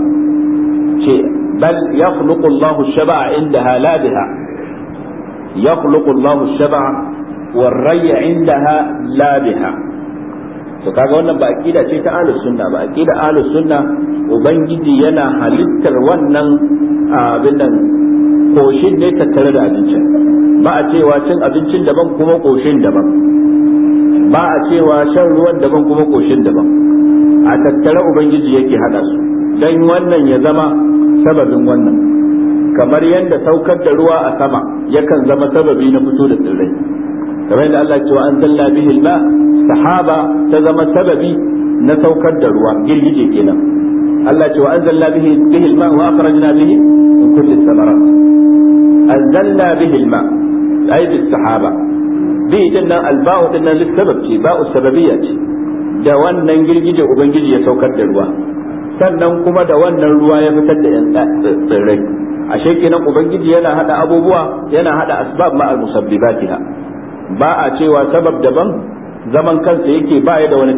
ce bal yakhluqu Allahu shaba'a indaha la biha yakhluqu Allahu shaba'a والري عندها لا بها to kaga wannan ba aqida ce ta ahlus sunna ba aqida ahlus sunna ubangiji yana halittar wannan abin nan koshin ne tattare da abincin ba a cewa cin abincin daban kuma koshin daban ba a cewa shan ruwan daban kuma koshin daban a tattare ubangiji yake hada su dan wannan ya zama sababin wannan kamar yadda saukar da ruwa a sama yakan zama sababi na fito da tsirrai kamar yadda Allah cewa an zalla bihi ma sahaba ta zama sababi na saukar da ruwa girgije kenan Allah cewa an zalla bihi bihi alma wa akhrajna bihi min kulli thamarat an zalla bihi ma ay bis sahaba bi din nan alba'u din nan lissabab ce ba'u sababiyya ce da wannan girgije ubangiji ya saukar da ruwa sannan kuma da wannan ruwa ya fitar da yan tsirrai a kenan ubangiji yana hada abubuwa yana hada asbab ma al-musabbibatiha ba a cewa sabab daban zaman kansa yake ba ya da wani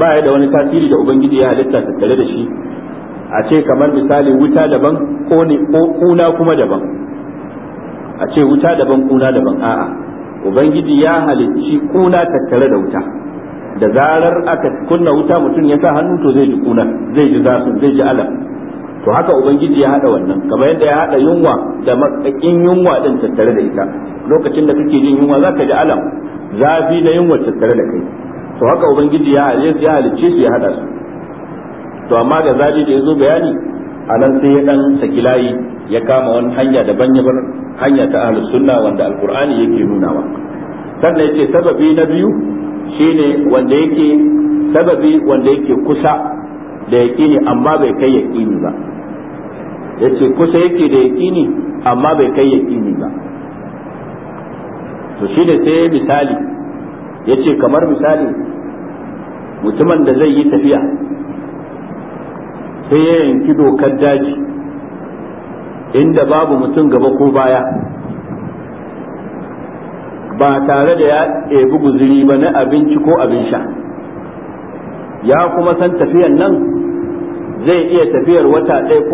ba ya da wani tasiri da ubangiji ya halitta tattare da shi a ce kamar misali wuta daban ko kuna kuma daban a ce wuta daban kuna daban a'a ubangiji ya halicci kuna tattare da wuta da zarar aka kunna wuta mutum ya sa hannu to zai ji kuna zai ji zafin zai ji alam to haka ubangiji ya hada wannan kamar yadda ya hada yunwa da makakin yunwa din tattare da ita lokacin da kake jin yunwa zaka ji alam zafi na yunwa tattare da kai to haka ubangiji ya halicce su ya hada su to amma ga zaji da yazo bayani a nan sai ya dan saki layi ya kama wani hanya daban ya bar hanya ta ahlus sunna wanda alqur'ani yake nunawa sannan yace sababi na biyu shine wanda yake sababi wanda yake kusa da yaqini amma bai kai yaqini ba yace kusa yake da yaqini amma bai kai yaqini ba to shine sai misali yace kamar misali mutumin da zai yi tafiya sai ya yanki dokar daji inda babu mutum gaba ko baya ba tare da ya ebi guzuri ba na abinci ko abin sha ya kuma san tafiyan nan zai iya tafiyar wata ɗaya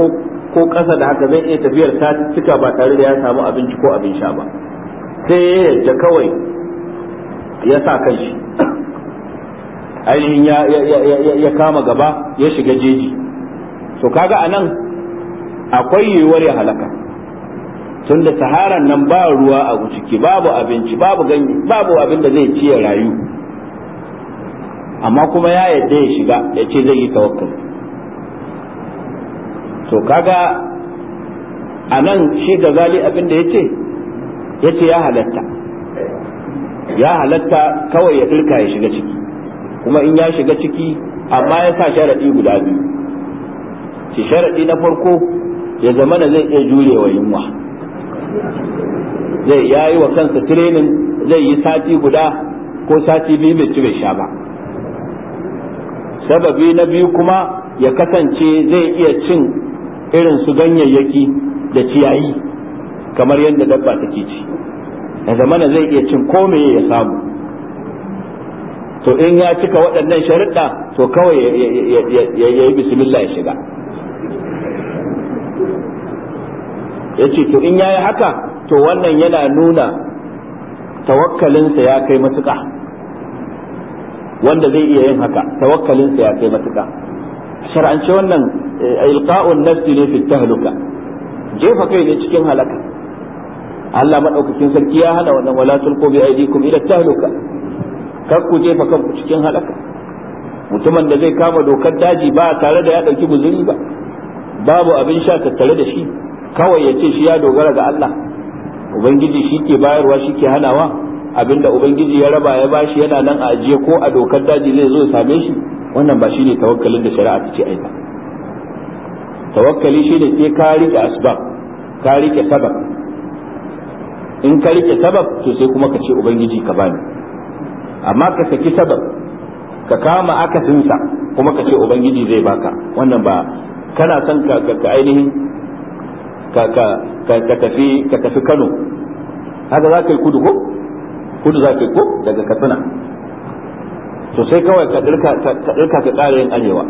ko ƙasa da haka zai iya tafiyar ta cika ba tare da ya samu abinci ko abin sha ba sai ya yadda kawai ya sa kan shi ainihin ya kama gaba ya shiga jeji to kaga anan akwai yiwuwar ya halaka tun da saharan nan ba ruwa a ciki babu abinci babu ganye babu abin da zai ci ya rayu amma kuma ya yadda ya shiga ya ce zai yi tawakkali to kaga a nan shi da zali abin da ya ce ya ce ya halatta ya halatta kawai ya ɗirka ya shiga ciki kuma in ya shiga ciki amma ya sa sharaɗi guda biyu ki sharadi na farko ya zama da zai iya jurewa yunwa zai yayi wa kansa tirenin zai yi sati guda ko sati biyu bai ci bai sha ba sababi na biyu kuma ya kasance zai iya cin irin su ganyayyaki da ciyayi kamar yadda dabba take ci ya zamana zai iya cin kome ya samu to in ya cika waɗannan sharuɗa to kawai ya yi bismillah ya shiga ya ce to in ya yi haka to wannan yana nuna tawakkalinsa ya kai matuƙa wanda zai iya yin haka tawakkalinsa ya kai matuƙa shar'ance wannan eh, ilqa'un nafsi ne fi tahluka jefa kai ne cikin halaka Allah madaukakin sarki ya hana wannan wala tulqu bi aydikum ila tahluka kar ku jefa kanku cikin halaka mutumin da zai kama dokar daji ba tare da ya dauki buzuri ba babu abin sha tattare da shi kawai ya ce shi ya dogara ga Allah ubangiji shi ke bayarwa shi ke hanawa abinda ubangiji ya raba ya bashi yana nan a ajiye ko a dokar daji zai zo same shi wannan ba shi ne tawakkalin da shari'a ta ce ai ba tawakkali ne sai ka rike asbab ka rike sabab in ka rike sabab to sai kuma ka ce ubangiji ka bani amma ka saki sabab ka kama akasinsa kuma ka ce ubangiji zai baka wannan ba kana son ka ka ainihin ka ka tafi ka tafi Kano haka za ka yi kudu ko kudu za ka yi ko daga Katsina to sai kawai ka dirka ka dirka ka tsara yin arewa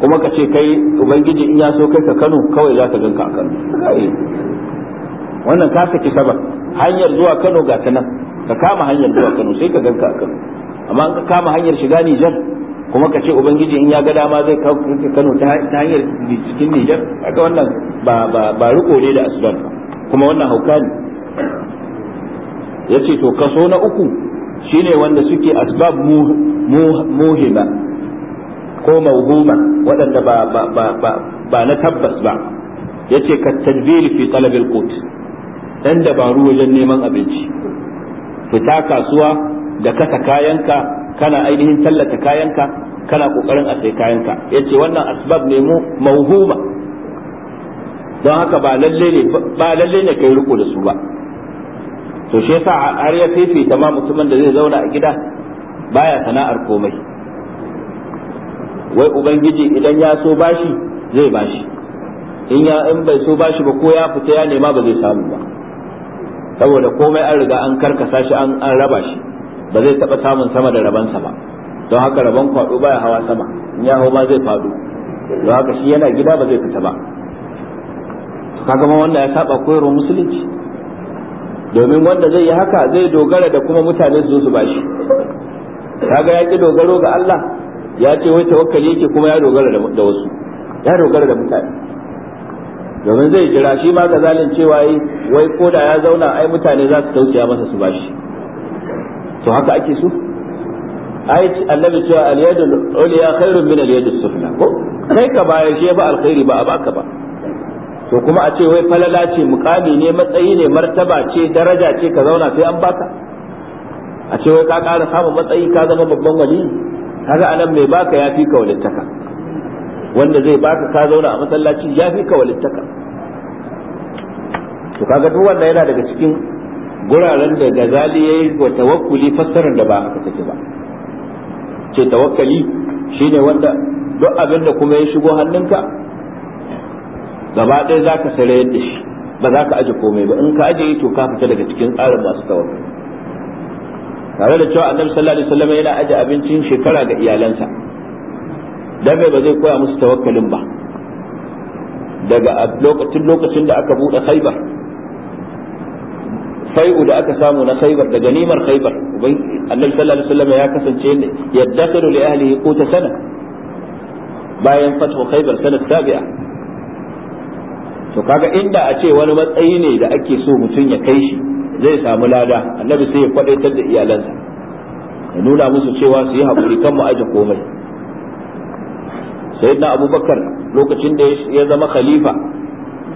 kuma ka ce kai ubangiji in ya so kai ka Kano kawai za ka ganka a Kano eh. wannan ka saki sabar hanyar zuwa Kano ga ta nan ka kama hanyar zuwa Kano sai ka ganka a Kano amma ka kama hanyar shiga Nijar kuma ka ce ubangiji in ya ga dama zai kawo kano ta hanyar cikin nijar kaga wannan ba riko ne da asuban kuma wannan hauka ne ya ce to kaso na uku shine wanda suke asbab muhima ko mawhuma waɗanda ba na tabbas ba ya ce ka tadbiri fi talabil qut dan dabaru wajen neman abinci fita kasuwa da kasa kayanka kana ainihin tallata kayanka kana kokarin a sai kayanka yace wannan asbab ne mu mauhuma don haka ba lalle ne ba lalle ne kai riko da su ba to shi yasa har ya fifita ma mutumin da zai zauna a gida baya sana'ar komai wai ubangiji idan ya so bashi zai bashi in ya in bai so bashi ba ko ya fita ya nema ba zai samu ba saboda komai an riga an karkasa shi an raba shi ba zai taɓa samun sama da rabansa ba don haka rabon kwaɗo baya hawa sama in ya hau ma zai faɗo don haka shi yana gida ba zai fita ba kaga ma wanda ya saba koyarwa musulunci domin wanda zai yi haka zai dogara da kuma mutane su su bashi kaga ya ki dogaro ga Allah ya ce wai tawakkali yake kuma ya dogara da wasu ya dogara da mutane domin zai jira shi ma ga zalin cewa wai ko da ya zauna ai mutane za su tausaya masa su bashi to haka ake so ai annabi cewa al-yadul ulya khairun min al-yadis sufla ko kai ka bayar shi ba alkhairi ba a baka ba to kuma a ce wai falala ce mukami ne matsayi ne martaba ce daraja ce ka zauna sai an baka a ce wai ka ƙara samun matsayi ka zama babban wali kaga anan mai baka ya fi ka walittaka wanda zai baka ka zauna a masallaci ya fi ka walittaka to kaga duk wanda yana daga cikin guraren da gazali ya yi wa tawakkuli fassarar da ba haka take ba ce tawakkali shine wanda duk abin da kuma ya shigo hannunka gaba ɗaya za ka sare yadda shi ba za ka aje komai ba in ka aje to ka fita daga cikin tsarin masu tawakkali tare da cewa annabi sallallahu alaihi wasallam yana aje abincin shekara ga iyalansa dan bai ba zai koya musu tawakkalin ba daga lokacin lokacin da aka buɗe khaibar fai'u da aka samu na khaybar da ganimar khaybar ubai annabi sallallahu alaihi wasallam ya kasance ne ya dakaru li ahlihi quta sana bayan fatu khaybar sana tabi'a to kaga inda a ce wani matsayi ne da ake so mutum ya kai shi zai samu lada annabi sai ya kwadaitar da iyalansa ya nuna musu cewa su yi hakuri kan mu aje komai sayyidina abubakar lokacin da ya zama khalifa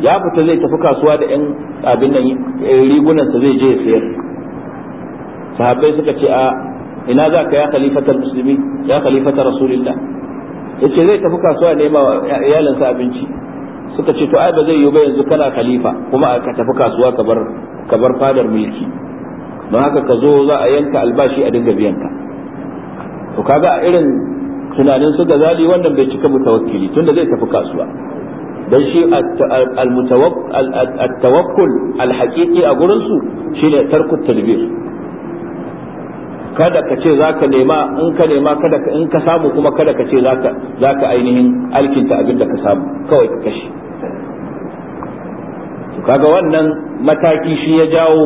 ya fita zai tafi kasuwa da yan abin nan eh, rigunansa zai je sayar sahabbai suka ce a ina za ka ya khalifatar musulmi ya khalifatar rasulillah yace zai tafi kasuwa nema iyalinsa abinci suka ce to ai ba zai yi ba yanzu kana khalifa kuma ka tafi kasuwa ka bar ka fadar mulki don haka ka zo za a yanka albashi a dinga biyan ka to kaga a irin tunanin su ga zali wannan bai cika mutawakkili tunda zai tafi kasuwa dan shi al tawakkul al-haqiqi a gurin su shine tarkut talbir kada ka ce zaka nema in ka nema kada in ka samu kuma kada ka ce zaka zaka ainihin alkinta abin da ka samu kawai ka kashi kaga wannan mataki shi ya jawo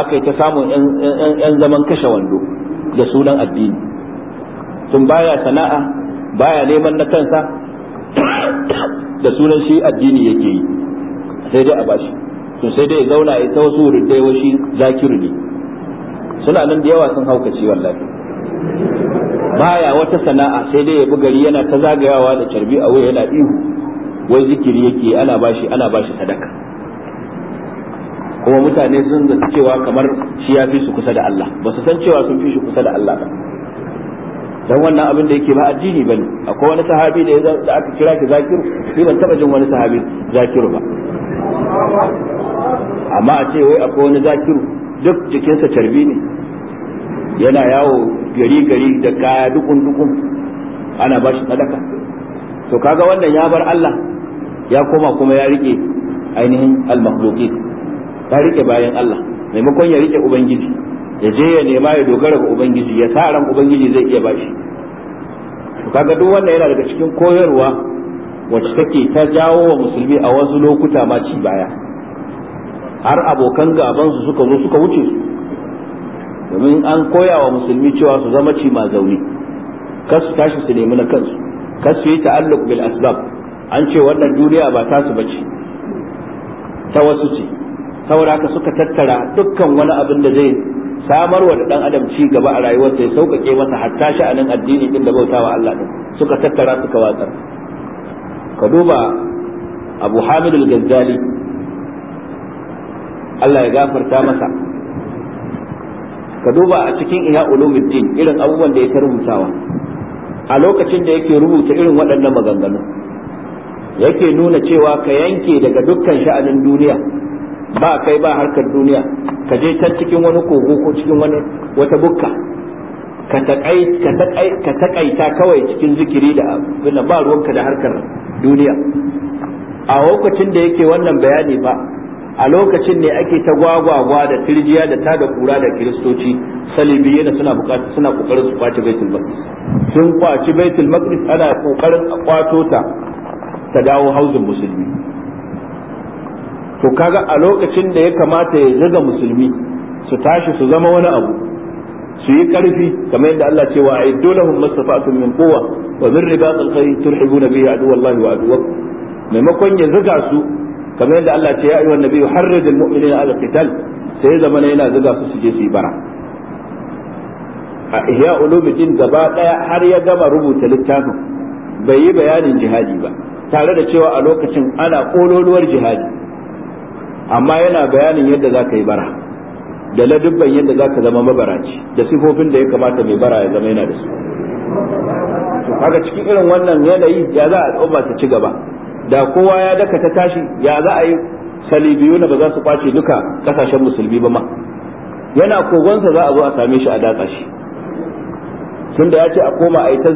aka yi ta samun yan zaman kashe wando da sunan addini tun baya sana'a baya neman na kansa da sunan shi addini yake yi sai dai a bashi to sai dai zauna ya ta wasu wuridai wa zakiru ne suna nan da yawa sun hauka ciwon wallahi baya wata sana'a sai dai ya bugari yana ta zagayawa da carbi a waya yana ihu wai zikiri yake ana bashi ana bashi sadaka kuma mutane sun zata cewa kamar shi ya fi su kusa da Allah ba su san cewa sun fi shi kusa da Allah ba dan wannan abin da yake ba addini bane akwai wani sahabi da da aka kira ki zakiru shi ban taba jin wani sahabi zakiru ba amma a ce wai akwai wani zakiru duk jikinsa carbi ne yana yawo gari gari da kaya dukun dukun ana ba shi sadaka to kaga wannan ya bar Allah ya koma kuma ya rike ainihin al-makhluqin ya rike bayan Allah maimakon ya rike ubangiji ya je ya nema ya dogara ga ubangiji ya sa ran ubangiji zai iya bashi to kaga duk wannan yana daga cikin koyarwa wacce take ta jawo wa musulmi a wasu lokuta ma ci baya har abokan gaban su suka zo suka wuce su domin an koya wa musulmi cewa su zama ci ma zaune kar su tashi su nemi na kansu kar su yi ta'alluq bil asbab an ce wannan duniya ba ta su bace ta wasu ce saboda haka suka tattara dukkan wani abin da zai Samar da dan adam ci gaba a rayuwarsa ya sauƙaƙe masa hatta sha'anin addini din da bautawa Allah din suka tattara suka watsar ka duba Abu Hamid al-Ghazali Allah ya gafarta masa ka duba a cikin iya ulumuddin irin abubuwan da ya rubutawa a lokacin da yake rubuta irin waɗannan maganganu yake nuna cewa ka yanke daga dukkan sha'anin duniya ba kai ba harkar duniya ka je can cikin wani kogo ko cikin wani wata bukka ka taƙaita kawai cikin zikiri da abin ba ruwanka da harkar duniya a lokacin da yake wannan bayani ba a lokacin ne ake ta gwagwagwa da tirjiya da ta da kura da kiristoci salibiyya da suna bukatu suna kokarin su kwace baitul maqdis sun kwaci baitul maqdis ana kokarin a kwato ta ta dawo hauzin musulmi to kaga a lokacin da ya kamata ya zaga musulmi su tashi su zama wani abu su yi karfi kamar yadda Allah ce wa aiddu lahum mastafatun min quwwa wa min ribat al-khayr turhibuna bihi aduwallahi wa aduwwakum maimakon ya zaga su kamar yadda Allah ce ya ayyuhan nabiyyu harrid al-mu'minina ala qital sai zama yana zaga su su je su yi bara a ihya ulumuddin gaba daya har ya gama rubuta littafin bai yi bayanin jihadi ba tare da cewa a lokacin ana kololuwar jihadi amma yana bayanin yadda za ka yi bara da ladubban yadda za ka zama mabaraci da sifofin da ya kamata mai bara ya zama yana da su haka cikin irin wannan yanayi ya za a al'umma ta ci gaba da kowa ya daka ta tashi ya za a yi salibiyu na ba za su kwace duka kasashen musulmi ba ma yana kogonsa za a zo a same shi a datsa shi tunda ya ce a koma a yi ta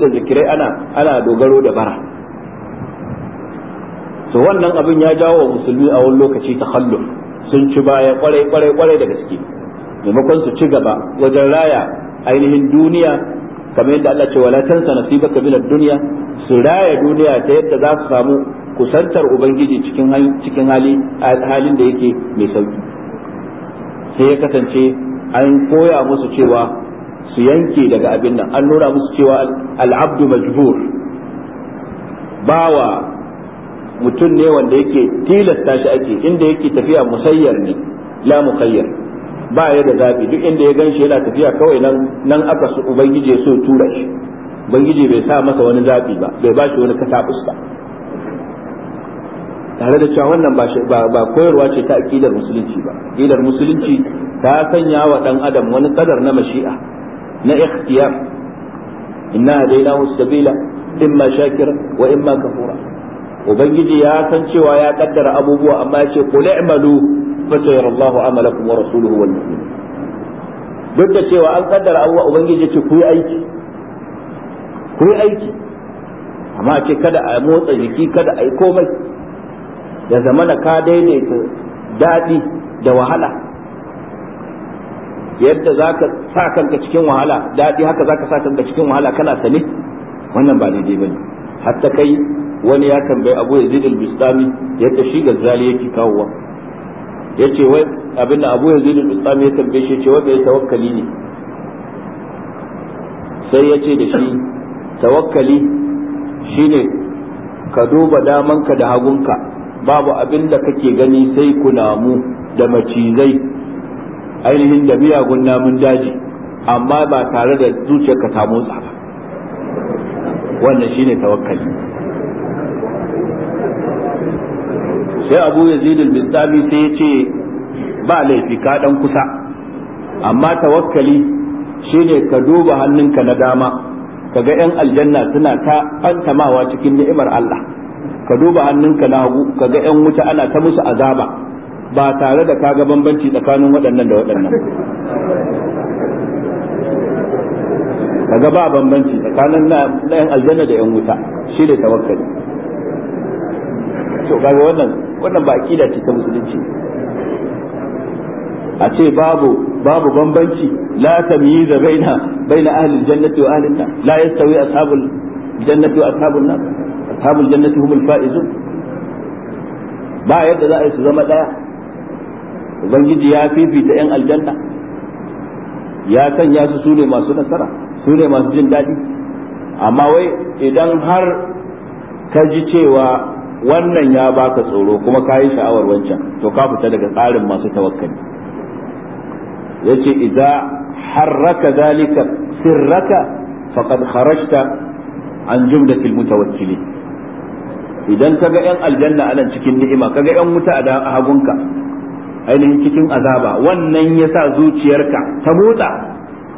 da zikirai ana ana dogaro da bara to wannan abin ya jawo musulmi a wani lokaci ta hallu sun ci baya kwarai kwarai kwarai da gaske maimakon su ci gaba wajen raya ainihin duniya kamar yadda Allah ce wala tansa nasibaka min dunya su raya duniya ta yadda za su samu kusantar ubangiji cikin cikin hali halin da yake mai sauki sai ya kasance an koya musu cewa su yanke daga abin nan an nuna musu cewa al'abdu majbur bawa mutum ne wanda yake tilasta shi ake inda yake tafiya musayyar ne la mukayyar ba ya da zabi duk inda ya ganshi yana tafiya kawai nan nan aka su ubangije so tura shi ubangije bai sa masa wani zabi ba bai ba shi wani katabus ba tare da cewa wannan ba koyarwa ce ta aƙidar musulunci ba aƙidar musulunci ta sanya wa ɗan adam wani kadar na mashi'a na ikhtiyar inna hadaina sabila imma shakira wa imma kafura ubangiji ya san cewa ya kaddara abubuwa amma ya ce qul i'malu fa sayarallahu amalakum wa rasuluhu wal mu'minun duk da cewa an kaddara abubuwa ubangiji ce ku yi aiki ku yi aiki amma a ce kada a motsa jiki kada a yi komai da zamana ka daidaita daɗi da wahala yadda za ka sa kanka cikin wahala daɗi haka za ka sa kanka cikin wahala kana sane wannan ba daidai ba ne hatta kai wani ya tambayi abu ya al-bistami yadda shi gazzali yake kawowa yace wai abin da abu ya al-bistami ya tambaye shi ce wanda ya tawakkali ne sai yace da shi tawakkali shine ka duba damanka da hagunka babu abin da kake gani sai kunamu da macizai ainihin da miyagun namun daji amma ba tare da zuciyarka ta motsa wannan shine tawakkali sai abu yazid al-bistami sai ya ce ba laifi ka dan kusa amma tawakkali shine ka duba hannunka na dama kaga yan aljanna suna ta antamawa cikin ni'imar Allah ka duba hannunka na hagu kaga yan wuta ana ta musu azaba ba tare da kaga bambanci tsakanin waɗannan da waɗannan kaga ba bambanci tsakanin na yan aljanna da yan wuta shi ne tawakkali to kaga wannan wannan ba aqida ce ta musulunci a ce babu babu bambanci la tamyiza baina baina ahli aljannati wa ahli an-nar la yastawi ashabul jannati wa ashabun nar ashabul jannati humul faizun ba yadda za a yi su zama daya ubangiji ya fifita yan aljanna ya sanya su ne masu nasara su ne masu jin daɗi amma wai idan har ka ji cewa wannan ya baka tsoro kuma ka yi sha'awar wancan to ka fita daga tsarin masu tawakkali yace idza harraka zalika sirraka faqad kharajta an jumlatil mutawakkili idan kaga yan aljanna a nan cikin ni'ima kaga yan wuta a hagunka ainihin cikin azaba wannan yasa zuciyarka ta motsa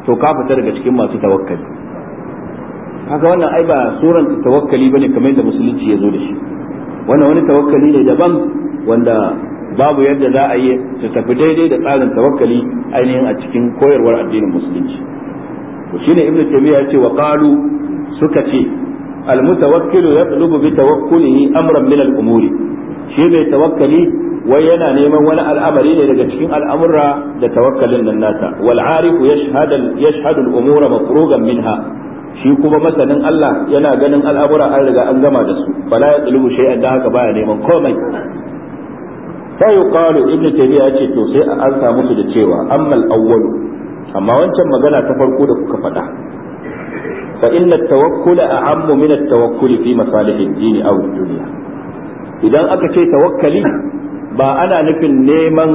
to ka fita daga cikin masu tawakkali haka wannan ai ba suran tawakkali bane kamar da musulunci ya zo da shi wannan wani tawakkali ne daban wanda babu yadda za a yi ta tafi daidai da tsarin tawakkali ainihin a cikin koyarwar addinin musulunci to shine ibnu taymiya ya ce wa qalu suka ce المتوكل يطلب بتوكله امرا min umuri Shi mai tawakkali wai yana neman wani al'amari ne daga cikin al'amura da tawakkalin nan nasa wal arifu yashhadu al umura mafrugan minha shi kuma masanin Allah yana ganin al'amura an riga an gama da su fala ya tsulubu shay'an da haka baya neman komai sai yuqalu ibn tabi'a ce to sai an samu su da cewa ammal awwal amma wancan magana ta farko da kuka faɗa fa inna at-tawakkula a'ammu min at-tawakkuli fi masalih ad-din aw dunya idan aka ce tawakkali ba ana nufin neman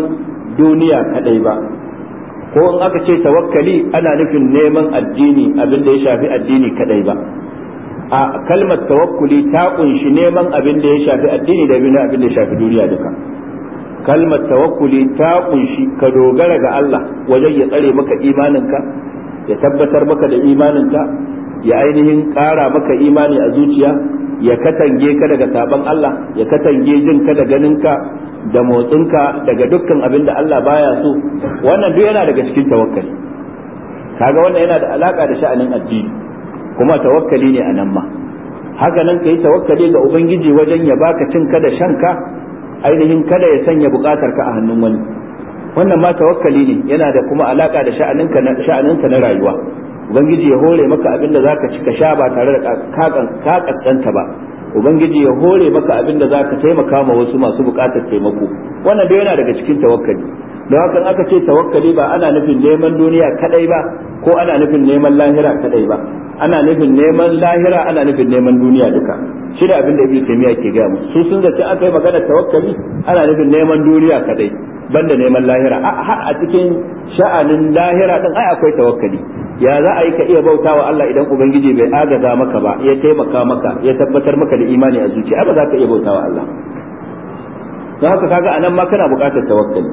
duniya kadai ba ko in aka ce tawakkali ana nufin neman addini abin da ya shafi addini kadai ba a kalmar tawakkuli ta kunshi neman abin da ya shafi addini da abin da ya shafi duniya duka kalmar tawakkuli ta kunshi ka dogara ga Allah wajen ya tsare maka imaninka ya tabbatar maka da imaninka ya ainihin ƙara maka imani a zuciya ya katange ka daga saban Allah ya katange jinka da ganinka da motsinka daga dukkan abin da Allah baya so wannan duk yana daga cikin tawakkali kaga wannan yana da alaka da sha'anin addini kuma tawakkali ne a nan ma haka nan kai tawakkali ga ubangiji wajen ya baka cin ka da shanka ainihin kada ya sanya bukatar ka a hannun wani wannan ma tawakkali ne yana da kuma alaka da sha'aninka na na rayuwa ubangiji ya hore maka abin da zaka ci ka sha ba tare da ka kaskanta ba ubangiji ya hore maka abin da zaka taimaka ma wasu masu bukatar taimako wannan dai yana daga cikin tawakkali don haka aka ce tawakkali ba ana nufin neman duniya kadai ba ko ana nufin neman lahira kadai ba ana nufin neman lahira ana nufin neman duniya duka shi da abin da ibnu taymiya ke ga mu su sun zace aka yi magana tawakkali ana nufin neman duniya kadai banda neman lahira a cikin sha'anin lahira din ai akwai tawakkali ya za a yi ka iya bauta wa Allah idan ubangiji bai agaza maka ba ya taimaka maka ya tabbatar maka da imani a zuciya ba za ka iya bauta wa Allah don haka kaga nan ma kana buƙatar tawakkali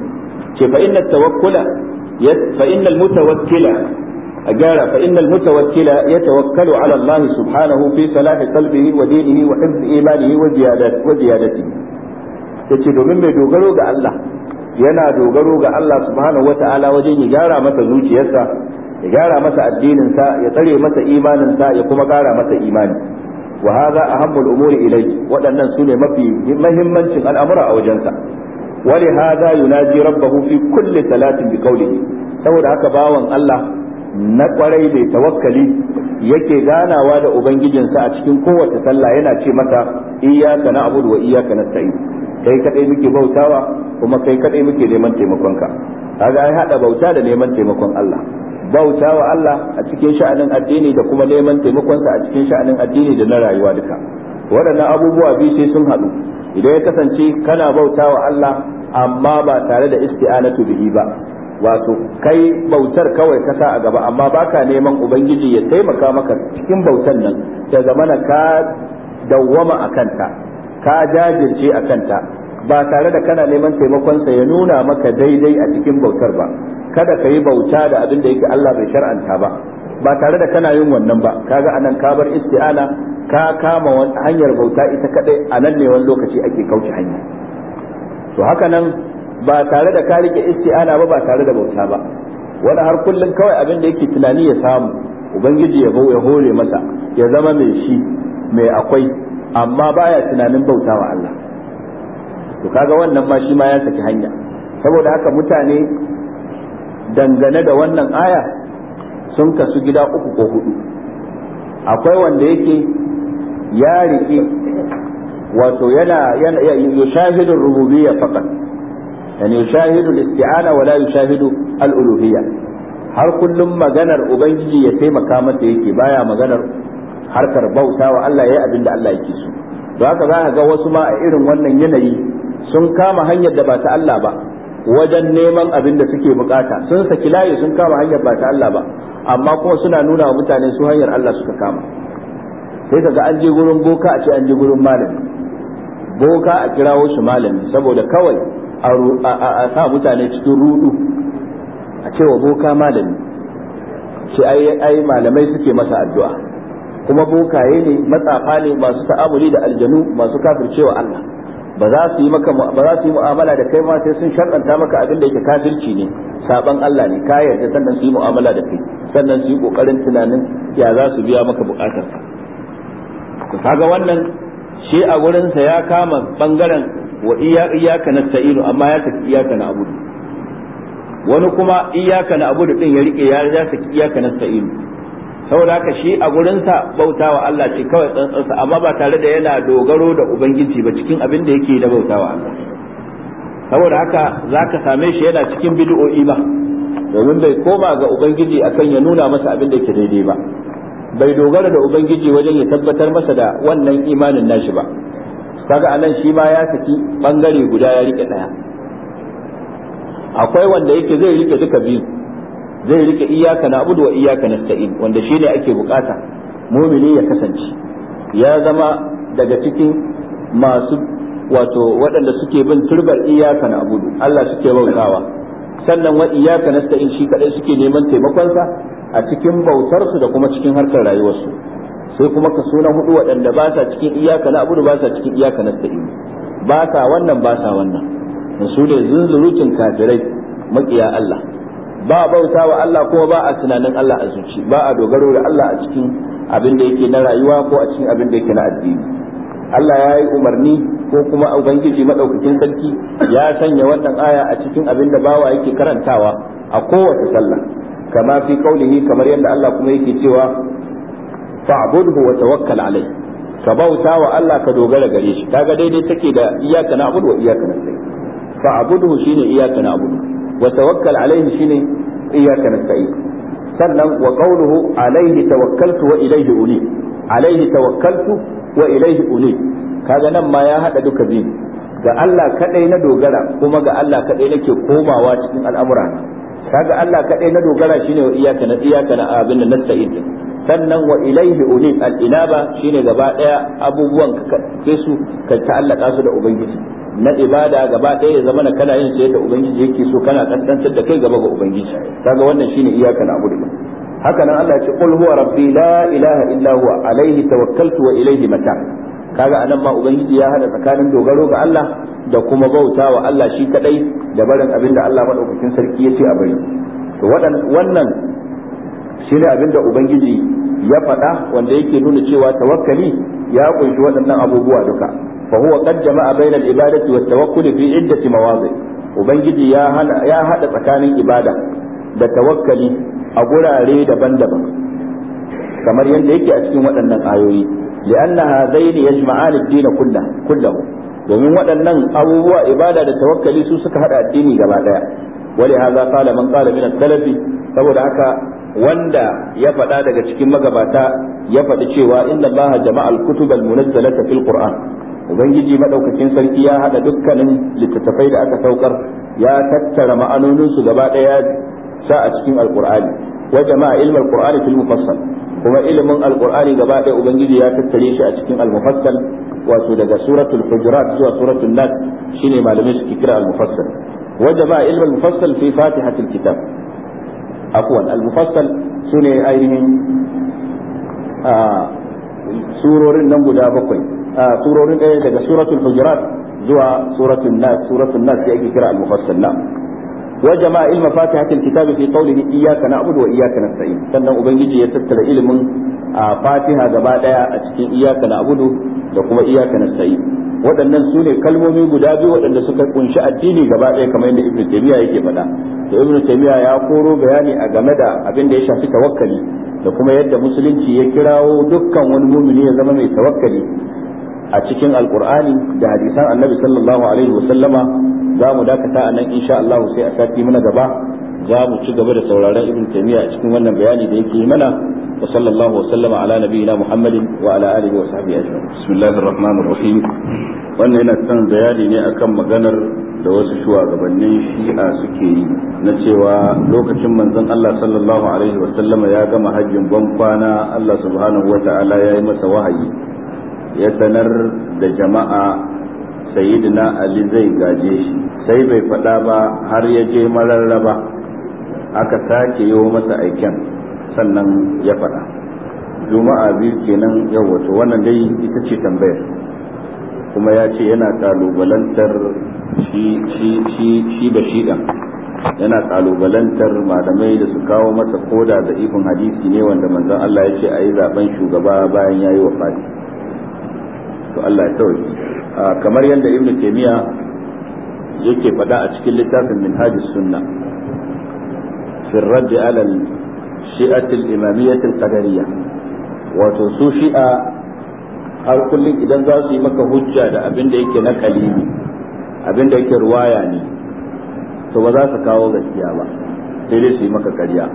ce fa inna tawakkula fa innal mutawakkila a gyara fa innal mutawakkila yatawakkalu ala Allah subhanahu fi salahi qalbihi wa dinihi wa hifzi imanihi wa ziyadati wa ziyadati yace domin mai dogaro ga Allah yana dogaro ga Allah subhanahu wata'ala wajen ya gyara masa zuciyarsa ya gyara masa addininsa ya tsare masa imaninsa ya kuma kara masa imani wa a ahammul umuri ilayhi waɗannan sune mafi muhimmancin al'amura a wajensa wa li haza yunaji rabbahu fi kulli salatin bi qawlihi saboda haka bawan Allah na kwarai bai tawakkali yake ganawa da ubangijinsa a cikin kowace sallah yana ce mata iyyaka na'budu wa iyyaka nasta'in kai kadai muke bautawa kuma kai kadai muke neman taimakonka kaga ai hada bauta da neman taimakon Allah bauta wa Allah a cikin sha'anin addini da kuma neman taimakonsa a cikin sha'anin addini da na rayuwa duka waɗannan abubuwa biyu sai sun haɗu idan ya kasance kana bauta wa Allah amma ba tare da isti'anatu bihi ba wato kai bautar kawai ka sa a gaba amma baka neman ubangiji ya taimaka maka cikin bautar nan ta zamana ka dawwama a kanta ka jajirce a kanta ba tare da kana neman taimakonsa ya nuna maka daidai a cikin bautar ba kada ka yi bauta da abin da yake Allah bai shar'anta ba ba tare da kana yin wannan ba kaga anan ka bar isti'ana ka kama hanyar bauta ita kadai a nan ne wani lokaci ake kauce hanya to haka nan ba tare da ka rike isti'ana ba ba tare da bauta ba wani har kullum kawai abin da yake tunani ya samu ubangiji ya ya hore masa ya zama mai shi mai akwai amma baya tunanin bauta wa Allah to kaga wannan ma shi ma ya saki hanya saboda haka mutane dangane da wannan aya sun kasu gida uku ko hudu akwai wanda yake ya riƙe wato yana shahidun rububiyya faqat yani ya al-isti'ana wala ya shahidu al-uluhiyya har kullum maganar ubangiji ya taimaka mata yake baya maganar harkar bauta wa Allah yayi abin da Allah yake so don haka za ka ga wasu ma a irin wannan yanayi sun kama hanyar da ba ta Allah ba wajen neman abin da suke bukata sun saki layi sun kama hanyar ba ta Allah ba amma kuma suna nuna wa mutane su hanyar Allah suka kama sai kaga an je gurin boka a ce an je gurin malami boka a kirawo shi malami saboda kawai a sa mutane cikin rudu a cewa boka malami sai ai malamai suke masa addu'a kuma bokaye ne matsafa ne masu ta'amuli da aljanu masu kafircewa Allah ba za su yi maka ba za su yi mu'amala da kai ma sai sun sharɗanta maka abin da yake kafirci ne saban Allah ne ka yarda sannan su yi mu'amala da kai sannan su yi kokarin tunanin ya za su biya maka bukatar ka kaga wannan shi a gurin sa ya kama bangaren wa iyyaka nasta'inu amma ya saki iyyaka na'budu wani kuma iyyaka na'budu din ya rike ya saki iyyaka nasta'inu saboda haka shi a gurinsa bautawa Allah ce kawai tsantsansa amma ba tare da yana dogaro da ubangiji ba cikin abin da yake da bautawa Allah saboda haka zaka same shi yana cikin bid'o'i ba domin bai koma ga ubangiji akan ya nuna masa abin da yake daidai ba bai dogara da ubangiji wajen ya tabbatar masa da wannan imanin nashi ba kaga anan shi ma ya saki bangare guda ya rike daya akwai wanda yake zai rike duka biyu zai rike na Abudu wa iyyaka nasta'in wanda shine ake bukata mumini ya kasance ya zama daga cikin masu wato waɗanda suke bin turbar na Abudu Allah suke bautawa sannan wa iyyaka nasta'in shi kadai suke neman taimakonsa a cikin bautarsu da kuma cikin harkar rayuwarsu sai kuma ka suna hudu waɗanda ba sa cikin iyaka na abudu ba sa cikin iyaka na sa'i ba sa wannan ba sa wannan su ne zunzurutun kafirai maƙiya Allah ba a bauta wa Allah kuma ba a tunanin Allah a zuci ba a dogaro da Allah a cikin abin da yake na rayuwa ko a cikin abin da yake na addini Allah ya yi umarni ko kuma ubangiji madaukakin sarki ya sanya wannan aya a cikin abin da bawa yake karantawa a kowace sallah kama fi kaulihi kamar yadda Allah kuma yake cewa fa'budhu wa tawakkal alai ka bauta wa Allah ka dogara gare shi kaga daidai take da iyyaka na'budu wa iyyaka nasta'in fa'budhu shine iyyaka na'budu wa tawakkal alaihi shine iyyaka nasta'in sannan wa qawluhu alaihi tawakkaltu wa ilaihi uni alaihi tawakkaltu wa ilaihi uni kaga nan ma ya haɗa duka biyu ga Allah kadai na dogara kuma ga Allah kadai nake komawa cikin al'amura kaga Allah kadai na dogara shine wa iyyaka na na abin nasta'in sannan wa ilaihi unib al inaba shine gaba daya abubuwan ka su ka ta'allaka su da ubangiji na ibada gaba ɗaya ya zama na kana yin sai da ubangiji yake so kana kaskantar da kai gaba ga ubangiji kaga wannan shine iyaka na abudu haka nan Allah ce qul huwa rabbi la ilaha illa huwa alaihi tawakkaltu wa ilaihi mata kaga anan ma ubangiji ya hada tsakanin dogaro ga Allah da kuma bauta wa Allah shi kadai da barin abin da Allah madaukakin sarki ya ce a bari to wannan shine abin da ubangiji ya faɗa wanda yake nuna cewa tawakkali ya kunshi waɗannan abubuwa duka fa wakar jama'a bainar al-ibadati wat tawakkul fi ubangiji ya hana hada tsakanin ibada da tawakkali a gurare daban-daban kamar yadda yake a cikin waɗannan ayoyi li'anna na yajma'an ad-din kullahu kullahu domin waɗannan abubuwa ibada da tawakkali su suka hada addini gaba daya wali hadha qala man qala min salafi saboda haka wanda ya faɗa daga cikin magabata ya faɗi cewa inna allaha jama'al kutubal munazzalata fil qur'an ubangiji madaukakin sarki ya hada dukkanin littattafai da aka saukar ya tattara su gaba daya sa a cikin alqur'ani wa jama'a ilmi alqur'ani fil mufassal kuma ilmin alqur'ani gaba daya ubangiji ya tattare shi a cikin almufassal wato daga suratul hujurat zuwa suratul nas shine malamai suke kira almufassal wa jama'a ilmi almufassal fi fatihatil kitab afwan almufassal sune ainihin ah, surorin nan guda bakwai surorin ɗaya daga suratul hujurat zuwa suratul nas suratul nas sai ake kira al-mufassal wa jama'a ilma fatihatil kitab fi qawlihi iyyaka na'budu wa iyyaka nasta'in sannan ubangiji ya tattara ilimin fatiha gaba daya a cikin iyyaka na'budu da kuma iyyaka nasta'in waɗannan su ne kalmomi guda biyu waɗanda suka kunshi addini gaba ɗaya kamar yadda ibnu taymiya yake faɗa to ibnu taymiya ya koro bayani a game da abin da ya shafi tawakkali da kuma yadda musulunci ya kirawo dukkan wani mumini ya zama mai tawakkali a cikin alkur'ani da hadisan annabi sallallahu alaihi wasallama za mu dakata a nan insha Allah sai a sati mana gaba za mu ci gaba da sauraron ibn taymiya a cikin wannan bayani da yake mana wa sallallahu wa sallama ala nabiyina muhammadin wa ala alihi wa sahbihi ajma'in bismillahir rahmanir rahim wannan yana son bayani ne akan maganar da wasu shugabannin shi'a suke yi na cewa lokacin manzon Allah sallallahu alaihi wa sallama ya gama hajjin ban kwana Allah subhanahu wa ta'ala ya yi masa wahayi ya sanar da jama'a sayyidina ali zai gaje shi sai bai faɗa ba har ya je mararraba aka sake yi masa aiken sannan ya faɗa juma'a biyu kenan yau wato wannan dai ita ce tambayar kuma ya ce yana kalubalantar shi da shi yana kalubalantar malamai da su kawo masa koda da ifin hadisi ne wanda manzon Allah ya ce a yi zaben shugaba bayan ya yi wa fadi to Allah ya sauke ah, kamar yadda ibn taymiya yake faɗa a cikin littafin minhaj sunna fi alal ala shi'at al qadariyya wato su shi'a har kullum idan za su yi maka hujja da abin da yake na ne abin da yake ruwaya ne to ba za su kawo gaskiya ba sai dai su yi maka karya.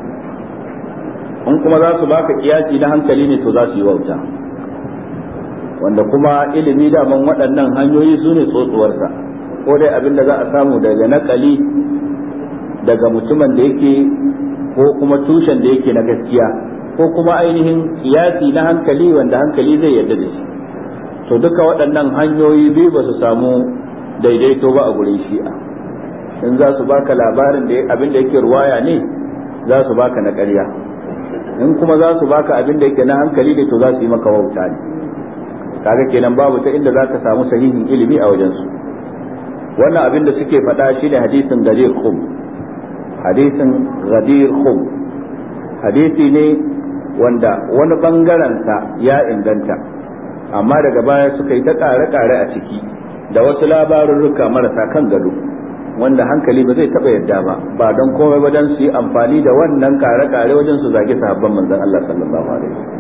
in kuma za su baka kiyaci na hankali ne to za su yi wauta wanda kuma ilimi daman waɗannan hanyoyi su ne tsotsuwarsa ko dai abin da za a samu daga nakali daga mutumin da yake ko kuma tushen da yake na gaskiya ko kuma ainihin siyasi na hankali wanda hankali zai yarda da shi to duka waɗannan hanyoyi biyu ba su samu daidaito ba a gurin shi'a in za su baka labarin da abin da yake ruwaya ne za su baka na ƙarya in kuma za su baka abin da yake na hankali da to za su yi maka wauta ne kaga kenan babu ta inda zaka samu sahihin ilimi a wajen su wannan abin da suke faɗa shine hadisin gadir khum hadisin gadir khum hadisi ne wanda wani bangaren ya inganta amma daga baya suka yi ta kare-kare a ciki da wasu labarurruka marasa kan gado wanda hankali ba zai taɓa yadda ba ba don komai ba su yi amfani da wannan kare-kare wajen su zagi sahabban manzon Allah sallallahu alaihi wasallam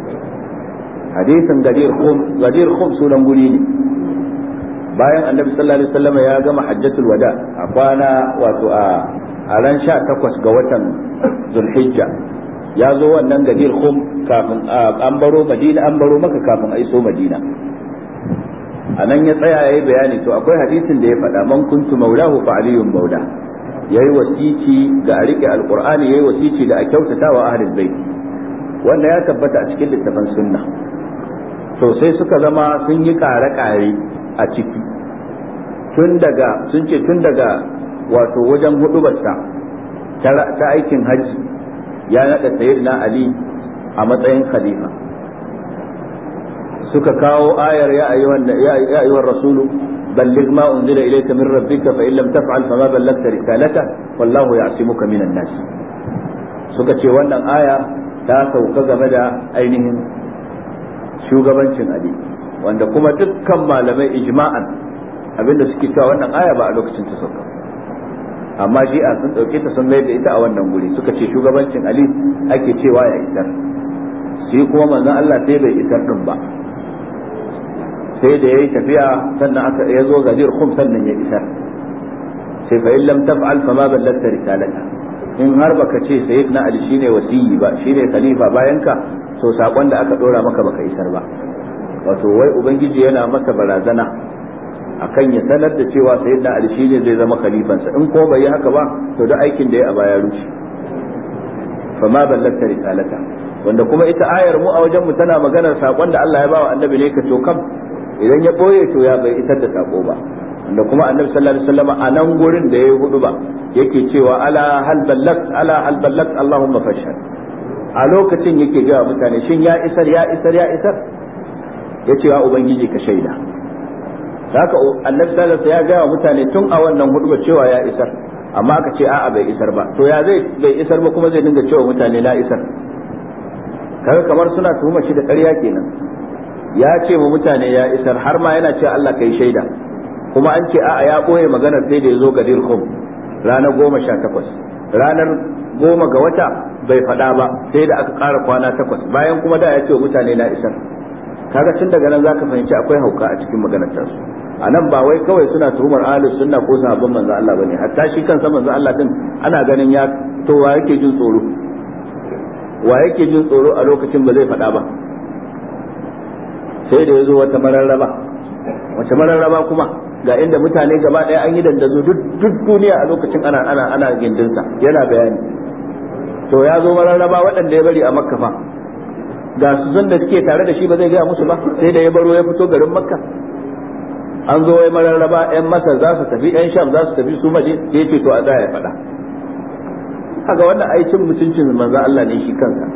hadisin gadir khum sunan guri ne bayan annabi sallallahu alaihi wasallam ya gama hajjatul wada a kwana wato a a ran 18 ga watan zulhijja ya zo wannan gadir khum kafin an baro madina an baro maka kafin a iso madina a nan ya tsaya ya yi bayani to akwai hadisin da ya faɗa man kuntu maulahu fa aliyun maula ya yi ga a riƙe alƙur'ani ya yi da a kyautata wa ahlul bai. wanda ya tabbata a cikin littafin sunna to sai suka zama sun yi kare-kare a ciki tun daga sun ce tun daga wato wajen hudubarsa ta aikin hajji ya naɗa na ali a matsayin khalifa suka kawo ayar ya ayyuhar rasulu balligh ma unzila ilayka min rabbika fa lam taf'al fa ma ballagta risalata wallahu ya'simuka minan nas suka ce wannan aya ta sauka game da ainihin shugabancin ali wanda kuma dukkan malamai ijma'an abinda suke cewa wannan aya ba a lokacin ta sauka amma shi'a sun dauke ta sun da ita a wannan guri suka ce shugabancin ali ake cewa ya isar shi kuma manzon Allah sai bai isar din ba sai da yayi tafiya sannan aka ya zo gajir khum sannan ya isar sai fa illam taf'al fama ballagta risalata in har baka ce sayyidina ali shine wasiyi ba shine khalifa bayan ka to sakon da aka dora maka baka isar ba wato wai ubangiji yana masa barazana akan ya sanar da cewa sayyidina ali shine zai zama khalifansa in ko bai yi haka ba to duk aikin da ya a baya rushe fama ballagta risalata wanda kuma ita ayar mu a wajen mu tana maganar sakon da Allah ya bawa annabi ne ka to kam idan ya boye to ya bai isar da sako ba wanda kuma annabi sallallahu alaihi wasallam a nan gurin da ya hudu ba yake cewa ala hal ballagt ala hal ballagt allahumma fashhad a lokacin yake gaya mutane shin ya isar ya isar ya isar ya ce wa ubangiji ka shaida haka annabi sallallahu ya gaya mutane tun a wannan hudubar cewa ya isar amma aka ce a'a bai isar ba to ya zai bai isar ba kuma zai dinga cewa mutane na isar kaga kamar suna tuhumar shi da ƙarya kenan ya ce ma mutane ya isar har ma yana cewa Allah kai shaida kuma an ce a'a ya boye maganar sai da ya zo gadir ranar goma sha takwas ranar goma ga wata bai faɗa ba sai da aka ƙara kwana takwas bayan kuma da ya ce mutane na isar kaga tun daga nan zaka fahimci akwai hauka a cikin maganar a nan ba wai kawai suna tuhumar ahlus sunna ko sahabban manzo Allah bane hatta shi sa manzo Allah din ana ganin ya to wa yake jin tsoro wa yake jin tsoro a lokacin ba zai faɗa ba sai da yazo wata mararraba wata mararraba kuma ga inda mutane gaba ɗaya an yi dandazo duk duniya a lokacin ana ana ana gindinsa yana bayani to ya zo mararraba waɗanda ya bari a makka fa ga su zan da suke tare da shi ba zai gaya musu ba sai da ya baro ya fito garin makka an zo wai mararraba yan masa za su tafi yan sham za su tafi su maje sai ya ce to a tsaya ya faɗa haka wannan aikin mutuncin manzo Allah ne shi kansa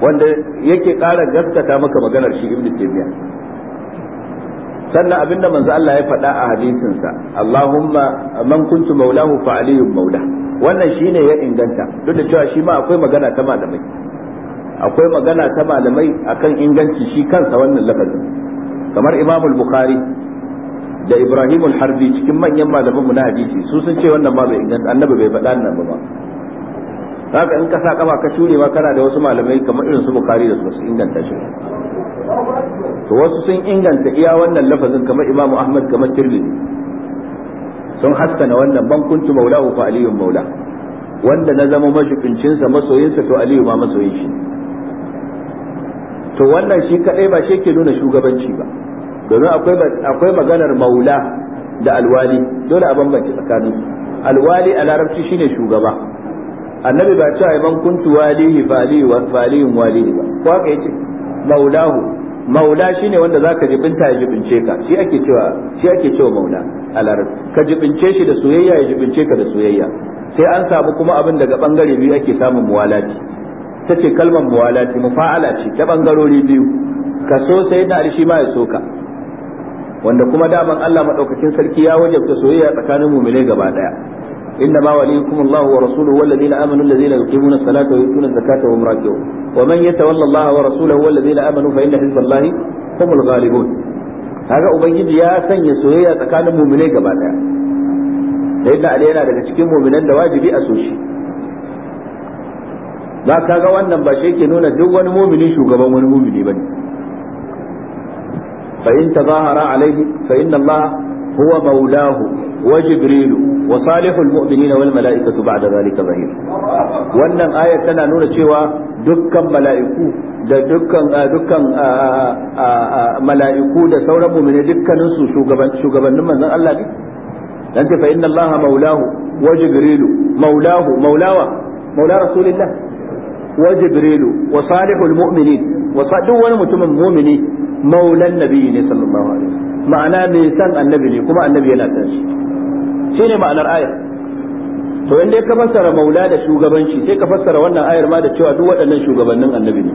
wanda yake ƙara gaskata maka maganar shi ibnu taymiyyah sannan abinda manzo Allah ya faɗa a hadisinsa Allahumma man kuntu maulahu fa Aliyu maula wannan shine ya inganta duk da cewa shi ma akwai magana ta malamai akwai magana ta malamai akan inganci shi kansa wannan lafazin kamar Imam al-Bukhari da Ibrahim al-Harbi cikin manyan malaman mu na hadisi su sun ce wannan ma bai inganta annabi bai faɗa nan ba haka in ka sa kafa ka shure ma kana da wasu malamai kamar irin su Bukhari da su inganta shi to wasu sun inganta iya wannan lafazin kamar imamu ahmad kamar tirmidhi sun haskana wannan ban kuntu maulahu fa aliyun maula wanda na zama majibincinsa masoyinsa to aliyu ma masoyin shi to wannan shi kadai ba shi ke nuna shugabanci ba domin akwai maganar maula da alwali dole a bambance tsakanin alwali a larabci shine shugaba annabi ba cewa ban kuntu walihi fa aliyun walihi ba ko haka yace maulahu maula ne wanda za ka jibinta ya jibince ka shi ake cewa shi ake cewa maula a ka jibince shi da soyayya ya jibince ka da soyayya sai an samu kuma abin daga bangare biyu ake samun muwalati ta ce kalmar muwalati mufa'ala ce ta bangarori biyu ka so sai na shi ma ya so ka wanda kuma daman Allah madaukakin sarki ya wajabta soyayya tsakanin mu'minai gaba daya إنما وليكم الله ورسوله والذين آمنوا الذين يقيمون الصلاة ويؤتون الزكاة وهم راكعون ومن يتولى الله ورسوله والذين آمنوا فإن حزب الله هم الغالبون هذا أبنجي يا سن يسوية تكان المؤمنين كما لأن علينا daga cikin mu'minan da wajibi a so shi ba ka ga wannan ba shi ke nuna duk wani mumini shugaban wani mumini bane fa in tazahara alaihi fa inna Allah huwa maulahu wa jibrilu wa salihul mu'minina wal mala'ikatu ba'da zalika zahir wannan aya tana nuna cewa dukkan mala'iku da dukkan dukkan mala'iku da sauran mu'mini dukkanin su shugabannin Allah ne dan ce fa inna Allah maulahu rasulillah wa wa mutumin ne ma'ana mai san annabi ne kuma annabi yana san shi shine ma'anar ayar to inda ka fassara maula da shugabanci sai ka fassara wannan ayar ma da cewa duk waɗannan shugabannin annabi ne